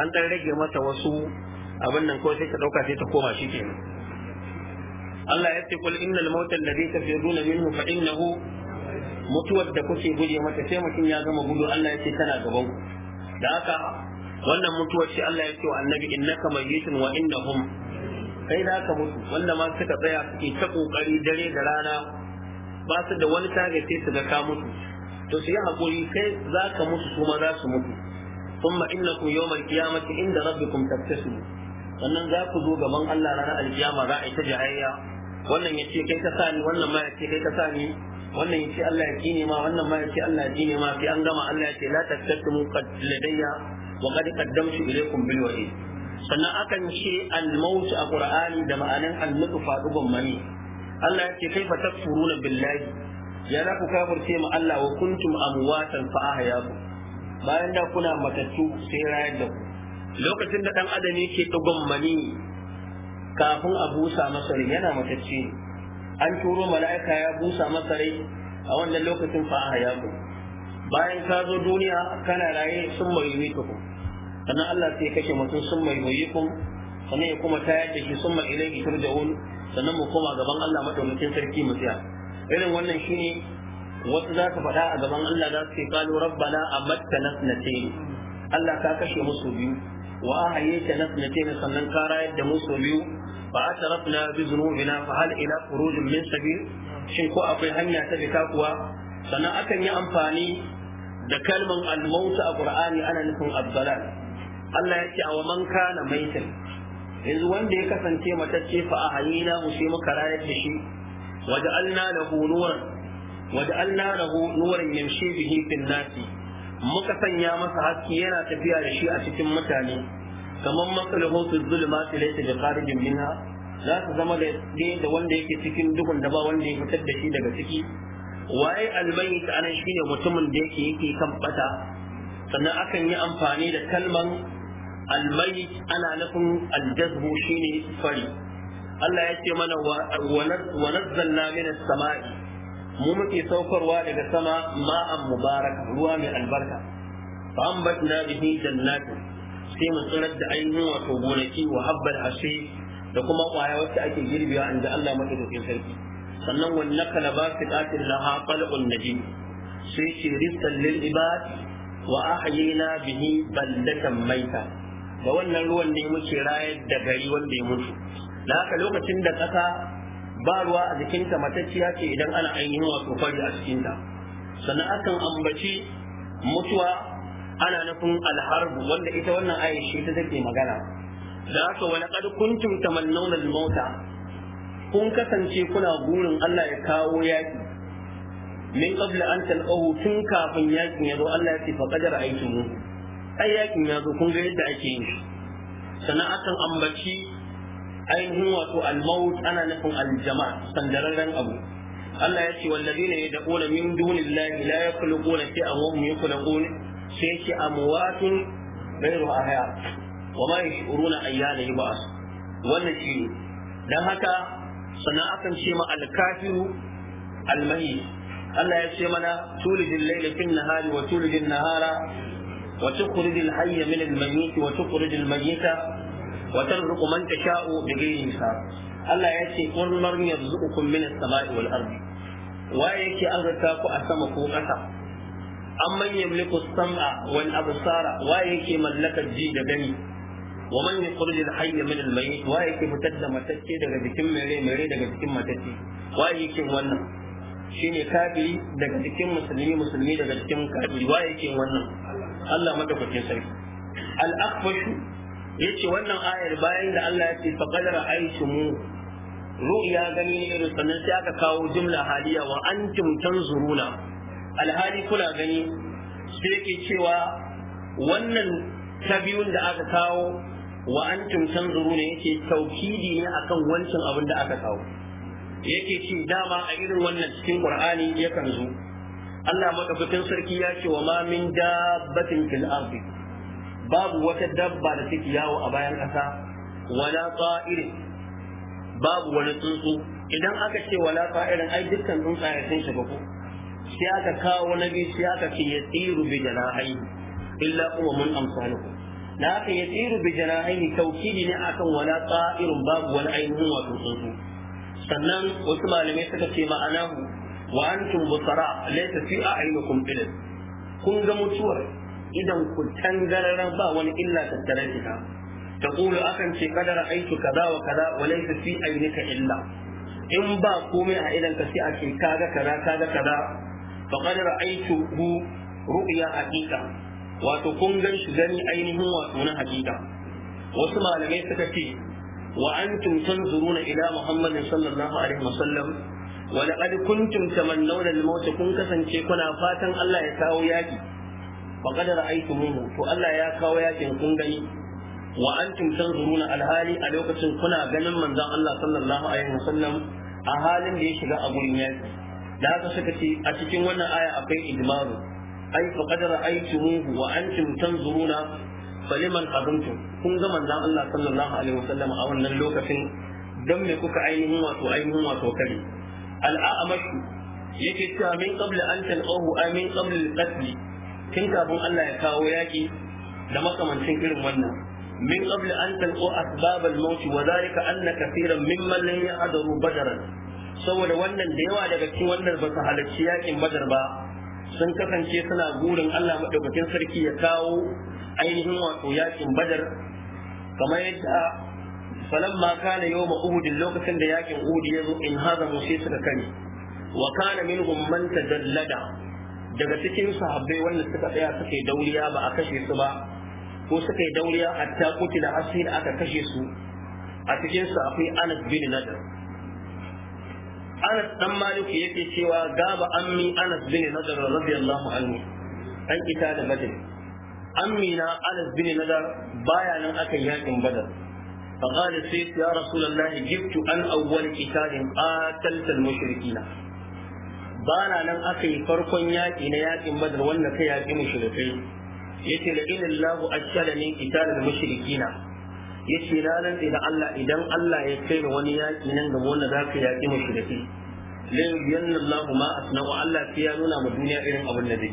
an dan rage mata wasu abin nan ko sai ta dauka sai ta koma shi kenan Allah ya ce kul innal mauta alladhi tafiruna minhu fa innahu mutuwar da kuke guje mata sai mutum ya gama gudu Allah ya ce tana gaban ku da haka wannan mutuwar shi Allah ya ce wa annabi innaka mayyitun wa innahum kai da aka mutu wanda ma suka tsaya suke ta kokari dare da rana ba su da wani tage sai su ga ka mutu to su yi haƙuri kai za ka mutu su ma za su mutu sun ma inna ku yau mai kiyamati inda rabbikum tattasu sannan za ku zo gaban Allah ranar alkiyama za a yi ta jahayya wannan ya ce kai ka sa ni wannan ma ya ce kai ka sa ni wannan ya ce Allah ya kine ma wannan ma ya ce Allah ya kine ma sai an gama Allah ya ce la mu qad ladayya wa qad qaddamtu ilaykum bil wa'id sannan akan ce al-maut a qur'ani da ma'anin al-nutfa dubun mani Allah ya ce kai kaifa takfuruna billahi ya na ku kafirce mu Allah wa kuntum amwatan fa ahyaku bayan da kuna matattu sai rayar da ku lokacin da dan adam yake dugon mani kafin a busa masa rai yana matacce an turo mala'ika ya busa masa rai a wannan lokacin fa ahyaku bayan ka zo duniya kana raye sun mai ku sannan Allah sai kashe mutum sun mai ku sannan ya kuma ta yake shi sun mai ilaihi turja'un sannan mu koma gaban Allah madaukakin sarki mu tsaya irin wannan shine wasu za ka faɗa a gaban Allah za su ce kalu rabbana amatta nasnatayn Allah ka kashe musu biyu wa ahayaita na sannan ka rayar da musu biyu fa atarafna bi dhunubina fa hal ila khurujin min sabil shin ko akwai hanya ta fita kuwa sannan akan yi amfani da kalman al-maut a Qur'ani ana nufin abdalal Allah ya ce a wa man kana maitan yanzu wanda ya kasance matacce fa ahayina mu sai muka rayar da shi waja'alna lahu nuran waja'alna lahu nuran yamshi bihi fil muka sanya masa haske yana tafiya da shi a cikin mutane kamar matsalahu fi zulumati laysa bi kharijin minha za su zama da da wanda yake cikin duhun da ba wanda ya fitar da shi daga ciki waye almayyit anan shine mutumin da yake yake kan bata sannan akan yi amfani da kalman almayyit ana nufin aljazbu shine fari Allah ya ce mana wa nazzalna minas sama'i mu muke saukarwa daga sama ma'an mubarak ruwa mai albarka fa ambatna bihi jannatin sai mu tsirar da ainihin wato gonaki wa habbal ashe da kuma kwaya wacce ake girbewa inda Allah madaukakin sarki sannan wa nakala basiqatin laha qal'un najim sai ce rizqan lil ibad wa ahyina bihi baldatan maita da wannan ruwan ne muke rayar da gari wanda ya mutu da haka lokacin da ƙasa ba ruwa a jikinta matacciya ce idan ana ainihin wato fari a jikinta. sannan akan ambaci mutuwa ana nufin alharbu wanda ita wannan aisha ita take magana da haka wani kad kuntum tamannawna al kun kasance kuna burin Allah ya kawo yaki min qabla an talqahu tun kafin yakin ya zo Allah ya ce fa qadara aikin ai yaƙin ya zo kun ga yadda ake yin shi sana'atan ambaci ainihin wato al-maut ana nufin al-jama' sandararren abu Allah ya ce wallazina yad'una min dunillahi la yakhluquna shay'an wa hum yakhluqun sai yake amwatun ghayru ahya wa ma yashuruna ayyana yub'as wannan shi dan haka sana'akan ce ma al-kafiru al-mayyit Allah ya ce mana tulijin laila fin nahari wa tulijin nahara wa tukhrij al hayya min al mayyit wa tukhrij al mayyita wa tarzuqu man tasha'u bighairi hisab Allah ya ce qul man yarzuqukum min as-sama'i wal ardi waye yake azurta ku a sama ko ƙasa amman yamliku as-sam'a wal absara waye yake mallakar ji da gani wa man yukhrijul hayya min al-mayyit waye yake fitar da matacce daga jikin mere mere daga jikin matacce waye yake wannan shine kafiri daga cikin musulmi musulmi daga cikin kafiri waye yake wannan Allah madaukakin sarki al-aqfashu yace wannan ayar bayan da Allah ya ce fa qad ra'aytumu ru'ya gani ne irin sannan sai aka kawo jumla haliya wa antum tanzuruna alhali kuna gani sai yake cewa wannan ta biyun da aka kawo wa antum tanzuruna yake taukidi ne akan wancan abin da aka kawo yake ce dama a irin wannan cikin qur'ani yakan zo Allah madaukakin sarki ya ce wa ma min dabbatin fil ardi babu wata dabba da take yawo a bayan ƙasa wala ta'irin babu wani tsuntsu idan aka ce wala ta'irin ai dukkan tsuntsaye sun shiga ko sai aka kawo na biyu sai aka ce ya tsiru bi janahi illa kuma mun amsaluku Na haka ya tsiru bi janahi tawkidi ne akan wala ta'irin babu wani ainihin wato tsuntsu sannan wasu malamai suka ce ma'anahu wa antum busara laysa fi a'yunikum ilm kun ga mutuwar idan ku tangararan ba wani illa tattare da ka taqulu akan ce kadara aitu kaza wa kaza wa laysa fi aynika illa in ba komai a idan ka sai a ce kaga kaza kaga kaza fa qad ra'aytu hu ru'ya haqiqa wato kun gan shi gani ainihin wato na haqiqa wasu malamai suka ce wa antum tanzuruna ila muhammadin sallallahu alaihi wasallam wa laqad kuntum tamannawna al-maut kun kasance kuna fatan Allah ya kawo yaki faqad ra'aytumuhu to Allah ya kawo yakin kun gani wa antum tanzuruna alhali a lokacin kuna ganin manzon Allah sallallahu alaihi wasallam a halin da ya shiga a gurin yaki da haka suka ce a cikin wannan aya akwai ijmaru ai faqad ra'aytumuhu wa antum tanzuruna faliman azumtum kun ga manzon Allah sallallahu alaihi wasallam a wannan lokacin dan me kuka ainihin wato ainihin wato kare al'amash yake cewa min qabla an talqahu amin qabla al-qatl tun kafin Allah ya kawo yaki da makamancin irin wannan min qabl an talqu asbab al-maut wa dhalika anna kaseeran mimman lam ya'dharu badran saboda wannan da yawa daga cikin wannan ba su halarci yakin badar ba sun kasance suna burin Allah madaukakin sarki ya kawo ainihin wato yakin badar kamar yadda falamma kana yawma uhud lokacin da yakin uhud ya zo in hazamu sai suka kani, wa kana minhum man tajallada daga cikin sahabbai wanda suka tsaya suka yi dauriya ba a kashe su ba ko suka yi dauriya a takuti da hasi da aka kashe su a cikin su akwai Anas bin Nadar Anas dan Maliki yake cewa gaba ammi Anas bin Nadar radiyallahu anhu an ita da Badr ammi na Anas bin Nadar baya nan aka yakin Badr فقال سيف يا رسول الله جبت أن أول قتال قاتلت المشركين Ba na nan aka yi farkon yaƙi na yaƙin badar wanda ka yaƙi mushrikai yace ita ilallahu ashadani qitalul mushrikina yace ranar da Allah idan Allah ya kai da wani yaƙi nan gaba wanda za ka yaƙi mushrikai la yuyanna Allah ma asna'u Allah sai ya nuna ma duniya irin abin da zai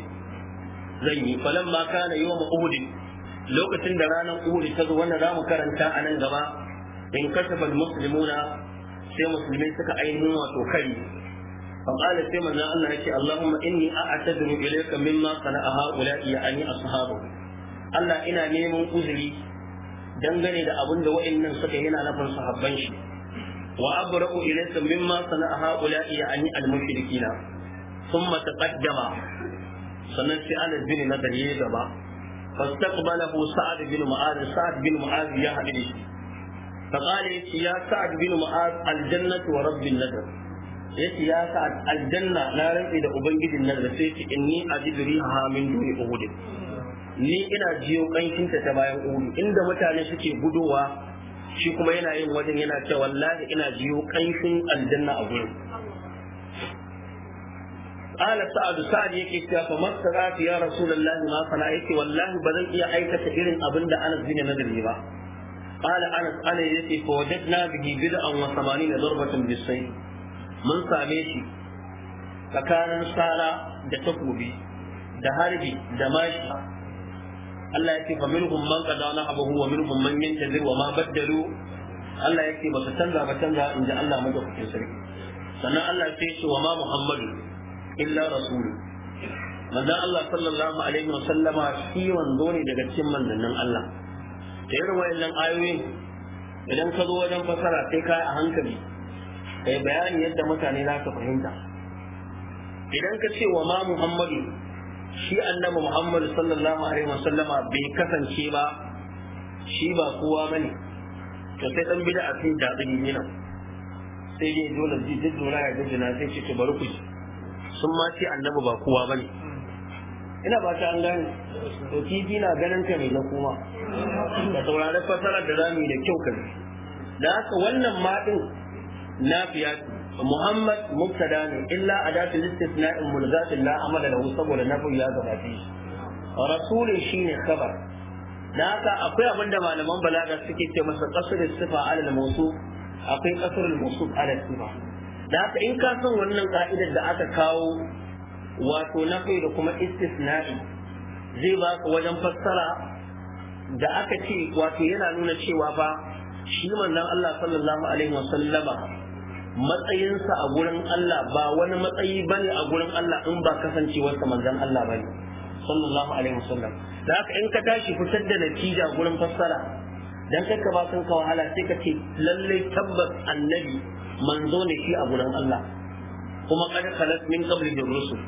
zan yi falon falamma kana wa uhud lokacin da ranar uhud ta zo wanda za mu karanta a nan gaba in kasafa muslimuna sai musulmai suka ainihin wato kai فقال سيما ذا الله يكي اللهم إني أعتذر إليك مما صنع هؤلاء يعني أصحابه الله إنا نيم أزري dangane da abin da wa'annan suka yana nufin sahabban shi wa abra'u ilayka mimma sana'a ha'ula'i ya'ani al-mushrikina thumma taqaddama sannan sai Anas bin Nadar ya gaba fastaqbalahu Sa'ad Sa'ad bin Mu'adh ya فقال يا سعد بن معاذ الجنة ورب الندر yace ya sa aljanna na rantsi da ubangijin nan da sai ce inni ajidri ha min duni uhud ni ina jiyo kankin ta ta bayan uhud inda mutane suke gudowa shi kuma yana yin wajen yana cewa wallahi ina jiyo kankin aljanna a gurin قال سعد سعد yake cewa fa masarati ya rasulullahi ma sana yake wallahi bazan iya aikata irin abin da Anas bin Nadri ba قال أنس أنا يتي فوجدنا به بدعا وثمانين ضربة بالسيف mun same shi tsakanin sara da takobi da harbi da mashi Allah ya ce fa minhum man qada abu wa minhum man yantazir wa ma baddalu Allah ya ce ba su canza ba canza in ji Allah kuke sarki sannan Allah ya ce wa ma muhammadu illa rasul manzo Allah sallallahu alaihi wa sallama shi wanzo ne daga cikin manzannin Allah da irin wayannan ayoyin idan ka zo wajen fasara sai ka a hankali kai bayani yadda mutane za su fahimta idan ka ce wa ma muhammadu shi annabi muhammadu sallallahu alaihi wasallama bai kasance ba shi ba kowa bane to sai dan bida a cikin dadin yana sai dai dole ji duk dole ya gaji na sai ce to bari ku sun ma ce annabi ba kowa bane ina ba ta an gane to kifi na ganin ka mai na kuma ka saurari fasarar da zamu yi da kyau kan da haka wannan ma din nafiyat muhammad mubtada ne illa adatul istisna'in mulzatin la amala lahu saboda nafi ya gabace shi rasulun shine khabar da haka akwai abinda malaman balaga suke ce masa qasr sifa alal mawsuf akwai qasr al mawsuf alal sifa da in ka san wannan ka'idar da aka kawo wato nafi da kuma istisna'i zai ba ka wajen fassara da aka ce wato yana nuna cewa fa shi manzon Allah sallallahu alaihi Wa sallama. matsayinsa a gurin Allah ba wani matsayi bane a gurin Allah in ba kasancewarsa manzan Allah bane sallallahu alaihi wasallam da haka in ka tashi fitar da natija gurin fassara dan kai ka ba ka wahala sai ka ce lalle tabbas annabi manzo ne shi a gurin Allah kuma qad khalat min qabli rusul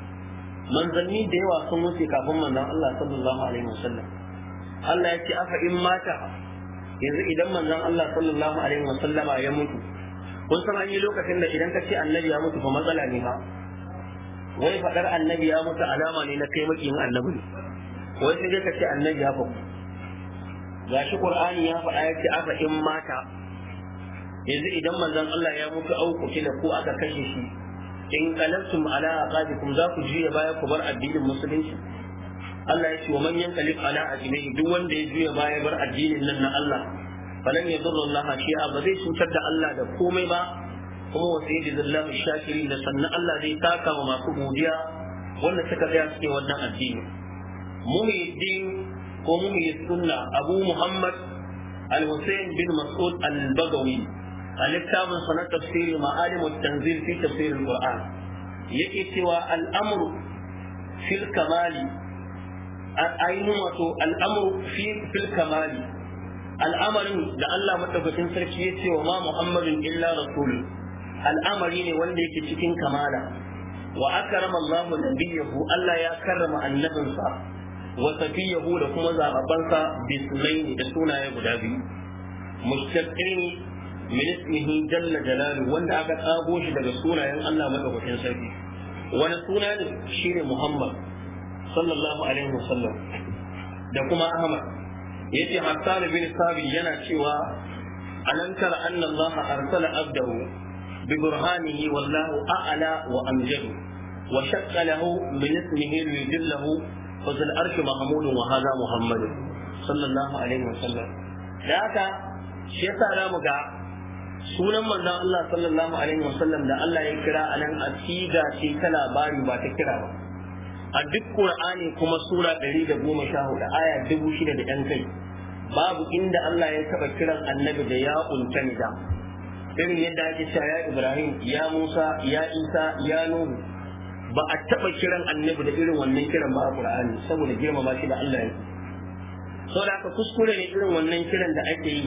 manzanni da yawa sun wuce kafin manzon Allah sallallahu alaihi wasallam Allah ya ce afa in mata yanzu idan manzon Allah sallallahu alaihi wasallama ya mutu kun san an yi lokacin da idan ka ce annabi ya mutu fa matsala ne ba wai faɗar annabi ya mutu alama ne na kai makiyin annabi ne wai sai ka ce annabi ya faɗu gashi ƙur'ani ya faɗa ya ce afa in mata yanzu idan manzon Allah ya mutu au ku da ko aka kashe shi in qalabtum ala aqabikum za ku juya baya ku bar addinin musulunci Allah ya ce wa man yankalib ala ajmihi duk wanda ya juya baya bar addinin nan na Allah falan yadurru Allah shi'a ba zai cutar da Allah da komai ba kuma wa sayyidillahu shakirin da sannan Allah zai taka wa masu godiya wanda suka tsaya suke wannan addini din ko muhid sunna Abu Muhammad Al-Hussein bin Mas'ud Al-Bagawi a littafin sa na tafsiri ma'alim tanzil fi tafsir al-Qur'an yake cewa al-amru fil kamali ainihin wato al-amru fil kamali al'amarin da Allah madaukakin sarki ya ce wa ma Muhammadun illa rasulun al'amari ne wanda yake cikin kamala wa akrama Allah nabiyahu Allah ya karrama annabinsa wa safiyahu da kuma zababansa bismaini da sunaye guda biyu mustaqirin min ismihi jalla jalalu wanda aka tsago shi daga sunayen Allah madaukakin sarki wani suna ne shine Muhammad sallallahu alaihi wasallam da kuma Ahmad yace Hassan bin Sabit yana cewa alam tara anna Allah arsala abdahu bi burhanihi wallahu a'la wa amjadu wa shaqqa lahu min ismihi liyudillahu fa zal arshu mahmudun wa hadha muhammadun sallallahu alaihi sallam. da haka shi yasa za ga sunan manzon Allah sallallahu alaihi sallam, da Allah ya kira anan asiga ce ta labari ba ta kira ba a duk qur'ani kuma sura 114 aya 6000 da yan kai babu inda Allah ya taba kiran annabi da ya untamida irin yadda ake cewa ya Ibrahim ya Musa ya Isa ya Nuhu ba a taba kiran annabi da irin wannan kiran ba a qur'ani saboda girmama shi da Allah ya saboda ka kuskure ne irin wannan kiran da ake yi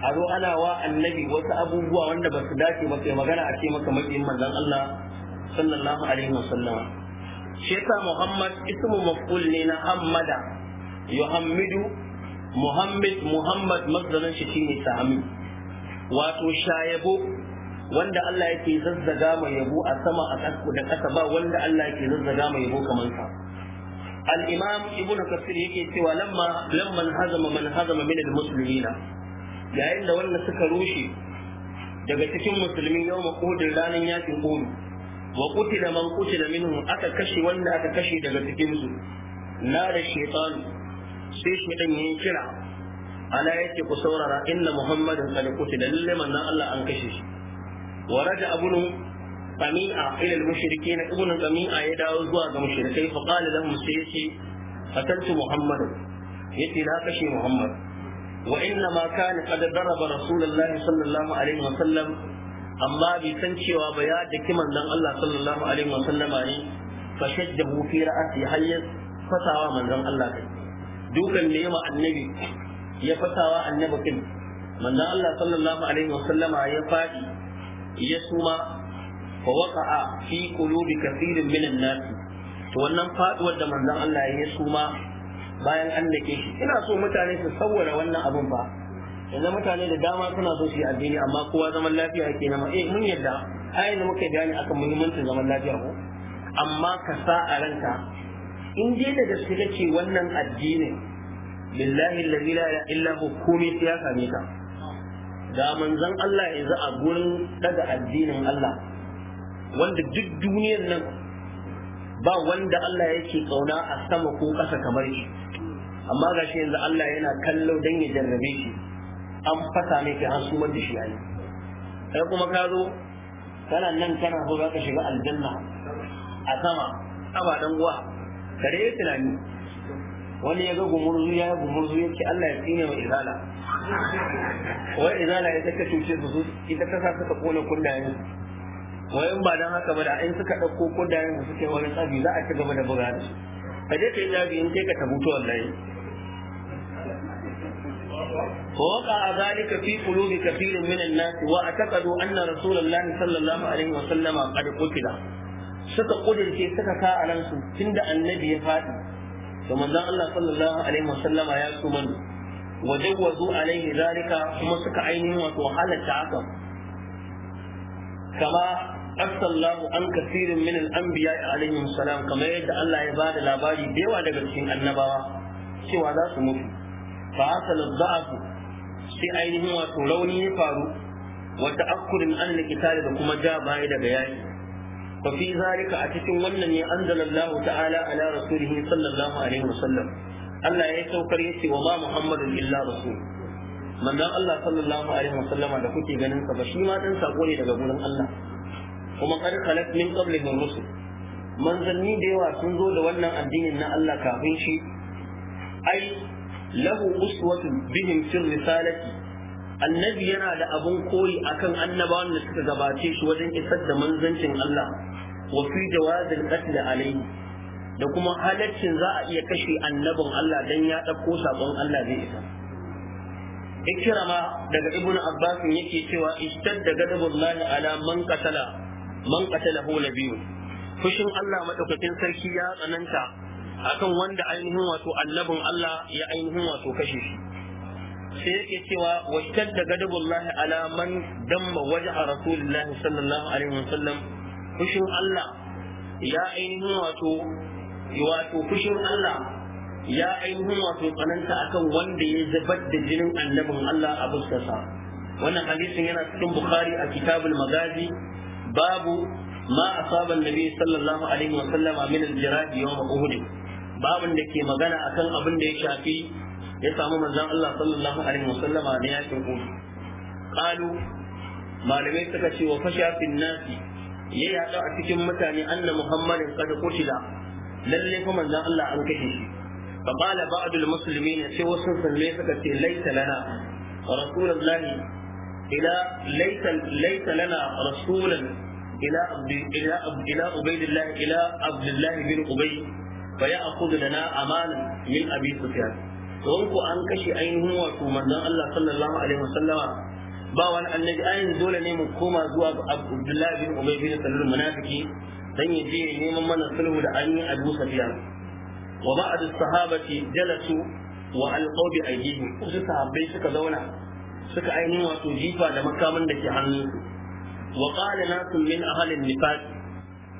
a zo ana wa annabi wasu abubuwa wanda ba su dace ba sai magana a ce maka maƙiyin manzon Allah sallallahu alaihi wasallam shi yasa muhammad ismu maf'ul ne na hammada yuhammidu muhammad muhammad masdarin shi shine sami wato shayabo wanda Allah yake zazzaga mai yabo a sama a ƙasa da ƙasa ba wanda Allah yake zazzaga mai yabo kamar sa al-imam ibn kasir yake cewa lamma lamman hazama man hazama min al-muslimina yayin da wanda suka rushe daga cikin musulmi yau maƙudin ranar yakin ƙomi wa qutila man qutila minhum aka kashe wanda aka kashe daga cikin su na da shaytan sai shaytan ya kira ala yake ku saurara inna muhammadan qad qutila lalle manzon Allah an kashe shi wa raja abunu qami'a ila al-mushrikeen ibnu qami'a ya dawo zuwa ga mushrikai fa qala lahum sai yace fatantu muhammadan yace na kashe muhammad wa inna ma kana qad daraba rasulullahi sallallahu alaihi wa sallam amma bai san cewa ba ya daki manzon Allah sallallahu alaihi wa sallama ne fa shaddahu fi ra'si hayyan fasawa manzon Allah kai dukan ne ma annabi ya fasawa annabi kin manzon Allah sallallahu alaihi wa sallama ya fadi ya suma fa waqa'a fi qulubi kathirin min an-nas to wannan faduwar da manzon Allah ya suma bayan an dake shi ina so mutane su saurara wannan abun ba yanzu mutane da dama suna so su yi addini amma kowa zaman lafiya yake nama eh mun yadda ayin da muka bayani akan muhimmancin zaman lafiya ko amma ka sa a ranka in je da gaske kace wannan addini billahi allazi la ilaha illa hu komai ya same ka ga manzon Allah yanzu a gurin daga addinin Allah wanda duk duniyar nan ba wanda Allah yake kauna a sama ko ƙasa kamar shi amma gashi yanzu Allah yana kallo dan ya jarrabe shi an fasa mai kai an sumar da shi yayi sai kuma ka zo kana nan kana so za ka shiga aljanna a sama aba dan uwa kare ya tunani wani ya ga gumurzu ya gumurzu ya ce Allah ya tsine wa izala wai izala ya take cuce su ita ta sa suka kona kullayen wayan ba dan haka ba da in suka dauko kullayen su suke wani tsabi za a ci gaba da buga da su ka je ka yi in kai ka tabuto wallahi ووقع ذلك في قلوب كثير من الناس واعتقدوا ان رسول الله صلى الله عليه وسلم قد قتل suka kudirce suka ka a ransu da annabi ya faɗi to manzon Allah sallallahu alaihi wa sallama ya su man wajawwazu alaihi zalika kuma suka ainihin wato halatta haka kama afsallahu an kasirin min al-anbiya alaihim salam kamar yadda Allah ya bada labari da yawa daga cikin annabawa cewa za su mutu fa hasala da'afu sai ainihin wato rauni ya faru wa ta'akkurin an liqitali da kuma ja baya daga yaki fa fi zalika a cikin wannan ne anzalallahu ta'ala ala rasulihi sallallahu alaihi wasallam Allah ya saukar yace wa ma Muhammadun illa rasul manzon Allah sallallahu alaihi wasallama da kuke ganin sa ba shi ma dan sako ne daga gurin Allah kuma qad khalat min qablihi rusul manzanni da yawa sun zo da wannan addinin na Allah kafin shi ai lahu uswatun bihim fil risalati annabi yana da abin koyi akan annabawan da suka gabace shi wajen isar da manzancin Allah wa fi jawazil qatl alayhi da kuma halaccin za a iya kashe annabin Allah dan ya dauko sabon Allah zai isa ikrama daga ibnu abbas yake cewa istadda da ala man qatala man qatalahu nabiyyu fushin Allah madaukakin sarki ya tsananta akan wanda ainihin wato annabin Allah ya ainihin wato kashe shi sai yake cewa washtar da gadabullahi ala man damma wajha rasulillahi sallallahu alaihi wasallam fushin Allah ya ainihin wato wato fushin Allah ya ainihin wato tsananta akan wanda ya zubar da jinin annabin Allah a buskarsa wannan hadisin yana cikin bukhari a kitabul magazi babu ما أصاب النبي صلى الله عليه وسلم من الجراح يوم أهد babin da ke magana akan abin da ya shafi ya samu manzon Allah sallallahu alaihi wasallama ne yakin Uhud qalu malamai suka ce wa fasha fil nasi ya yaɗa a cikin mutane anna muhammadin qad qutila lalle fa manzon Allah an kashe shi fa qala ba'd al muslimin sai wasu musulmai suka ce laita lana rasulullahi ila laita laita lana rasulan ila abdi ila abdi ila ubaydillah ila abdullah bin ubay fa ya aqulu lana amanan min abi sufyan don ku an kashe ainihin wato manzon Allah sallallahu alaihi wasallama ba wani annabi ayin dole ne mu koma zuwa ga Abdullahi bin Ubay bin Salul munafiki dan ya je neman mana sulhu da an yi Abu Sufyan wa ba'd as-sahabati jalasu wa alqaw bi aydihim su sahabbai suka zauna suka ainihin wato jifa da makamin da ke hannunsu wa qala nasun min ahli an-nifaq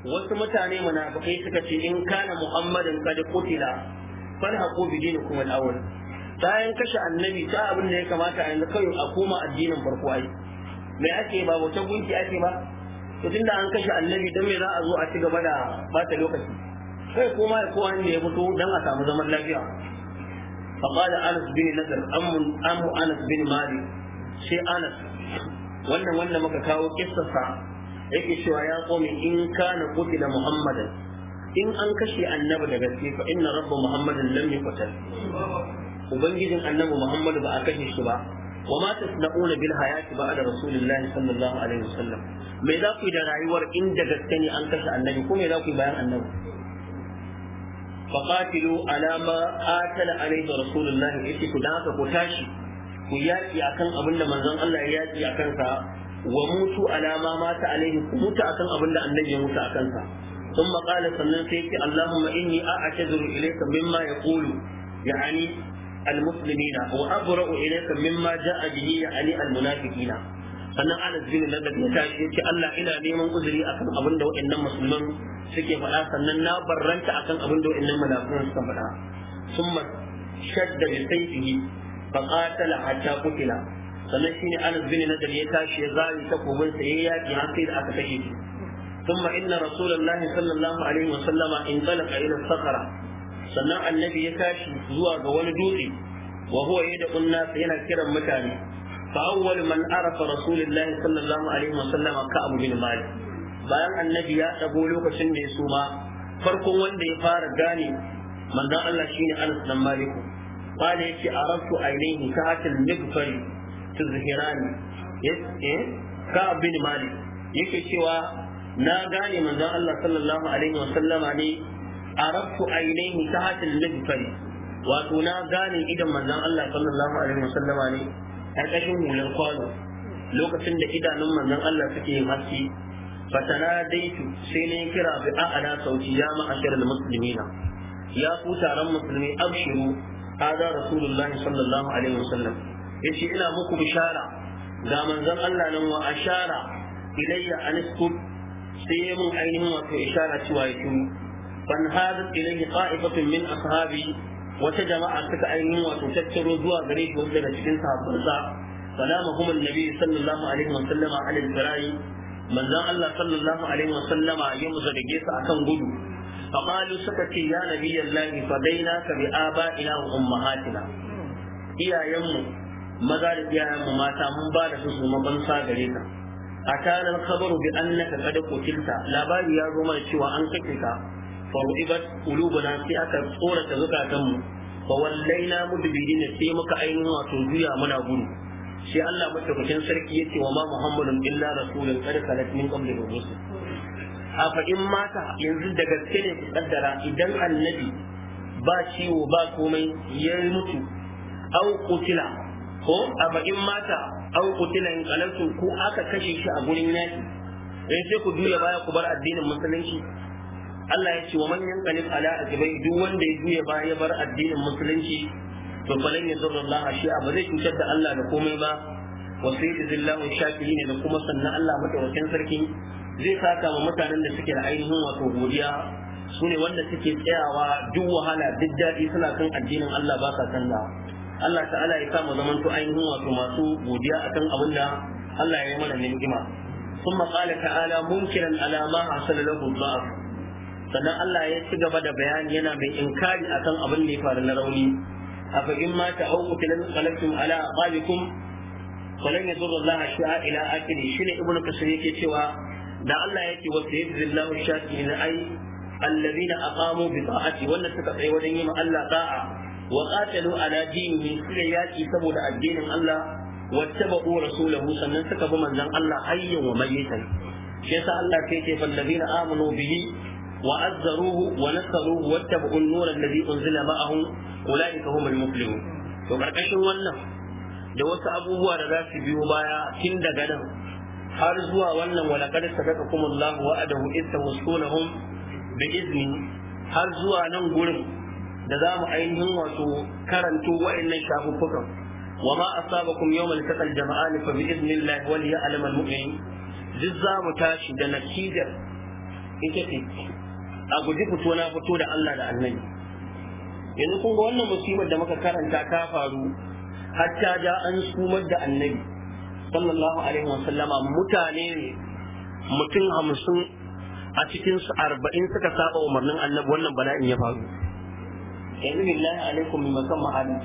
wasu mutane munafikai suka ce in kana muhammadin kad fal haqu bi dinikum al-awwal bayan kashe annabi ta abin da ya kamata a yanzu kai a koma addinin farko ai me ake ba wata gunki ake ba to tunda an kashe annabi dan me za a zo a ci gaba da bata lokaci kai koma ko kowa ne ya fito dan a samu zaman lafiya فقال انس بن نذر ام ام انس بن مالك sai anas wannan wannan muka kawo kissa yake cewa ya komi in kana qutila muhammadan in an kashe annabi da gaske fa inna rabbu muhammadin lam yuqtal ubangijin annabi muhammadu ba a kashe shi ba wa ma tasna'una bil hayati ba'da rasulillahi sallallahu alaihi wasallam me za ku yi da rayuwar in da gaske ne an kashe annabi kuma me za ku yi bayan annabi faqatilu ala ma atala alaihi rasulullahi yake ku dan haka ku tashi ku yaki akan abin da manzon Allah ya yaki akan sa wa mutu alama mata alaihi ku mutu akan abin da annabi ya mutu akan sa ثم قال sannan sai yake Allahumma inni a'tadiru ilayka mimma yaqulu yani المسلمين وأبرأ إليك مما جاء به يعني المنافقين sannan Anas bin Nadab ya tashi ya ce Allah ina neman uzuri akan abin da wa'annan musulman suke faɗa sannan na barranta akan abin da wa'annan munafiqun suka faɗa sun summa shadda bi sayfihi fa qatala hatta qutila sannan shine Anas bin Nadal ya tashi ya zari ta kubun sa yayi yaki har sai da aka kashe shi ثم إن رسول الله صلى الله عليه وسلم انطلق إلى الصخرة sannan annabi ya tashi zuwa ga wani dutse wa huwa da an yana kiran mutane fa awwal man arafa rasulullah sallallahu alaihi wa sallam ka abu bin malik bayan annabi ya dago lokacin da ya suma farkon wanda ya fara gane manzon Allah shine Anas dan Malik qala yace araftu ainihi migfari tuzhirani eh ka bin mali yake cewa na gane manzon Allah sallallahu alaihi wa sallama ne arabtu ainihi wato na gane idan manzon Allah sallallahu alaihi wa sallama ne hular kwano lokacin da idanun manzon Allah suke haske fatana fatanadaitu sai ne kira bi a'la sauti ya ma'ashar muslimina ya ku taron musulmi abshiru hada rasulullahi sallallahu alaihi wa sallam yace ina muku bishara ga manzan Allah nan wa ashara ilayya an iskut sai ya mun ainihin wato ishara cewa ya shiru fan hadat ilayhi qa'ifatun min ashabi wata jama'a suka ainihin wato tattaro zuwa gare shi wanda cikin sahabbansa فلامهم النبي صلى الله عليه وسلم على البراء من ذا الله صلى الله عليه وسلم يوم زرقيس أكن قدو فقالوا سكتي يا نبي الله فديناك بآبائنا وأمهاتنا إيا يمو maza da iyayen mu mata mun ba da su su bansa gare ka atana al-khabaru bi annaka qad qutilta labari ya zo mana cewa an kake ka fa ru'ibat qulubuna sai aka tsorata zukatan mu fa wallaina mudbirina sai muka ainihin wato juya muna gudu shi Allah madaukakin sarki yace wa ma muhammadun illa rasulun kada khalat min qabli rusul a fa in mata yanzu da gaske ne ku kaddara idan annabi ba ciwo ba komai ya mutu au qutila ko arba'in mata an kutila in kalantu ko aka kashe shi a gurin yaki dan eh, sai ku duya baya ku bar addinin musulunci Allah ya ce wa man yanqalib ala ajibai duk wanda ya duya baya ya bar addinin musulunci to falan yadurra Allah shi'a ba zai cutar da Allah da komai ba wa sayyidillahu shakirin da kuma sannan Allah madaukakin sarki zai saka ma mutanen da suke da ainihin wato godiya su ne wanda suke tsayawa duk wahala duk daɗi suna kan addinin Allah ba sa canzawa Allah ta'ala ya samu zaman to ainihin wato masu godiya akan abin da Allah ya yi mana ni'ima ثم قال تعالى منكرا على ما حصل له الضعف sannan Allah ya ci gaba da bayani yana mai inkari akan abin da ya faru na rauni afa in ma ta auku tilan qalaktum ala aqabikum falan yadurra Allah shi'a ila akhiri shine ibnu kasir yake cewa da Allah yake wa sayyidillahu shakirin ai alladhina aqamu bi ta'ati wanda suka tsaye wajen yi ma Allah da'a wa qatalu ala dinihi suka yaki saboda addinin Allah wattabu rasulahu sannan suka bi manzon Allah hayyan wa mayyitan shi Allah sai ce fal ladina amanu bihi wa azzaruhu wa nasaruhu wattabu an-nur alladhi unzila ma'ahu ulaika humul muflihun to karkashin wannan da wasu abubuwa da za su biyo baya tun daga nan har zuwa wannan walaqad sadaqakum Allah wa'adahu idh tawassunahum bi izni har zuwa nan gurin da za mu ainihin wato karanto wa'annan shafuffukan wa ma asabakum yawmal taqal jama'ani fa bi idnillahi wal ya'lam al mu'min duk za mu tashi da natijar ita ce a guji fito na fito da Allah da annabi yanzu kun ga wannan musibar da muka karanta ta faru hatta ja an sumar da annabi sallallahu alaihi wa sallama mutane ne mutum hamsin a cikin su arba'in suka saba umarnin annabi wannan bala'in ya faru yanzu billahi alaikum bi makan mahalin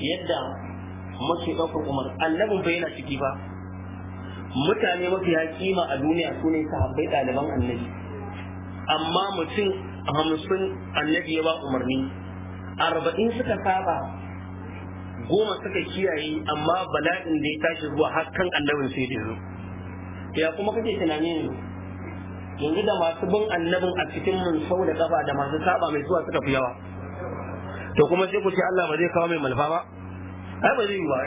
yadda muke ɗaukar umar annabin bai yana ciki ba mutane mafi kima a duniya su ne sahabbai ɗaliban annabi amma mutum hamsin annabi ya ba umarni arba'in suka saba goma suka kiyaye amma bala'in da ya tashi zuwa hakan annabin sai da zo ya kuma kake tunani yanzu yanzu da masu bin annabin a cikin mun sau da kafa da masu saba mai zuwa suka fi yawa to kuma sai ku ce Allah ba zai kawo mai malfa ba ai ba zai yi ba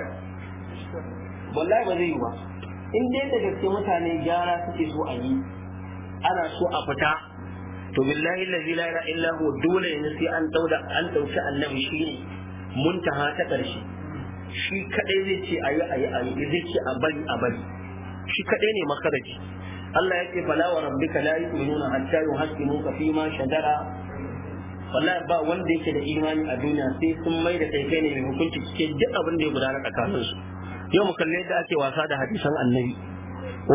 wallahi ba zai yi ba in dai da gaske mutane gyara suke so a yi ana so a fita to billahi allazi la ilaha illa huwa dole ne sai an dauda an dauki annabi shi ne muntaha ta karshe shi kadai zai ce ayi ayi ayi zai ce a bari a bari shi kadai ne makaraji Allah yake fala wa rabbika la yu'minuna hatta yuhaqqimuka fi ma shajara wallahi ba wanda yake da imani a duniya sai sun mai da kai kai ne mai hukunci cikin duk abin da ya gudana tsakanin su yau mu kalle yadda ake wasa da hadisan annabi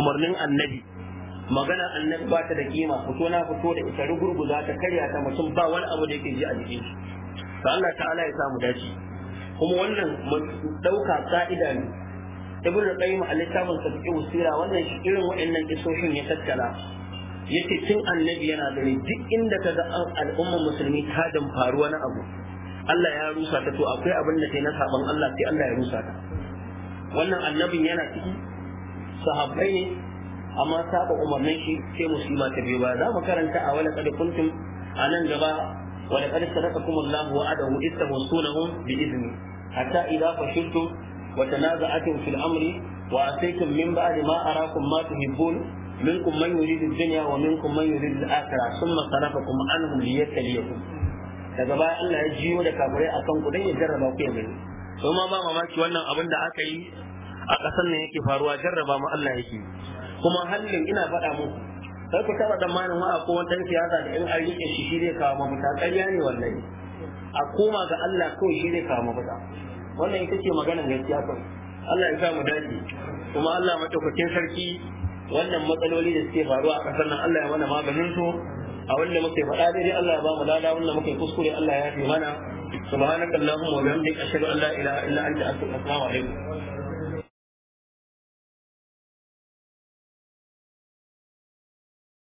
umarnin annabi magana annabi ba ta da kima fito na fito da ita rugurguza ta karya ta mutum ba wani abu da yake ji a jikin shi to Allah ta'ala ya samu dace kuma wannan mu dauka ka'ida ne ibn qayyim a littafin sa fiqh usira wannan shi irin wa'annan isoshin ya tattala yace tun annabi yana gani duk inda ga al'ummar musulmi ta dan faruwa na abu Allah ya rusa ta to akwai abin da na saban Allah sai Allah ya rusa ta wannan annabin yana ciki sahabbai ne amma saba umarnin shi sai musulma ta biyo ba za mu karanta a wani qad kuntum a nan gaba ولقد صدقكم الله وعده إذ تمسونهم بإذنه hatta إذا فشلتم وتنازعت في الامر واتيتم من بعد ما اراكم ما تحبون منكم من يريد الدنيا ومنكم من يريد الاخره ثم صرفكم عنهم ليبتليكم daga baya Allah ya jiyo da kafirai a kan ku dan ya jarraba ku ya to ma ba mamaki wannan abin da aka yi a kasan nan yake faruwa jarraba mu Allah yake kuma hallin ina faɗa muku sai ku taɓa tsammanin wa ko wani ɗan siyasa da in an riƙe shi shi zai kawo mafita ƙarya ne wallahi a koma ga Allah kawai shi zai kawo mafita wannan ita ce maganar gaskiya kan Allah ya sa mu dace kuma Allah madaukakin sarki wannan matsaloli da suke faruwa a kasar nan Allah ya mana maganin su a wanda muke faɗa dai Allah ya ba mu lada wanda muke kuskure Allah ya yafe mana subhanakallahumma wa bihamdika ashhadu an la ilaha illa anta astaghfiruka wa atubu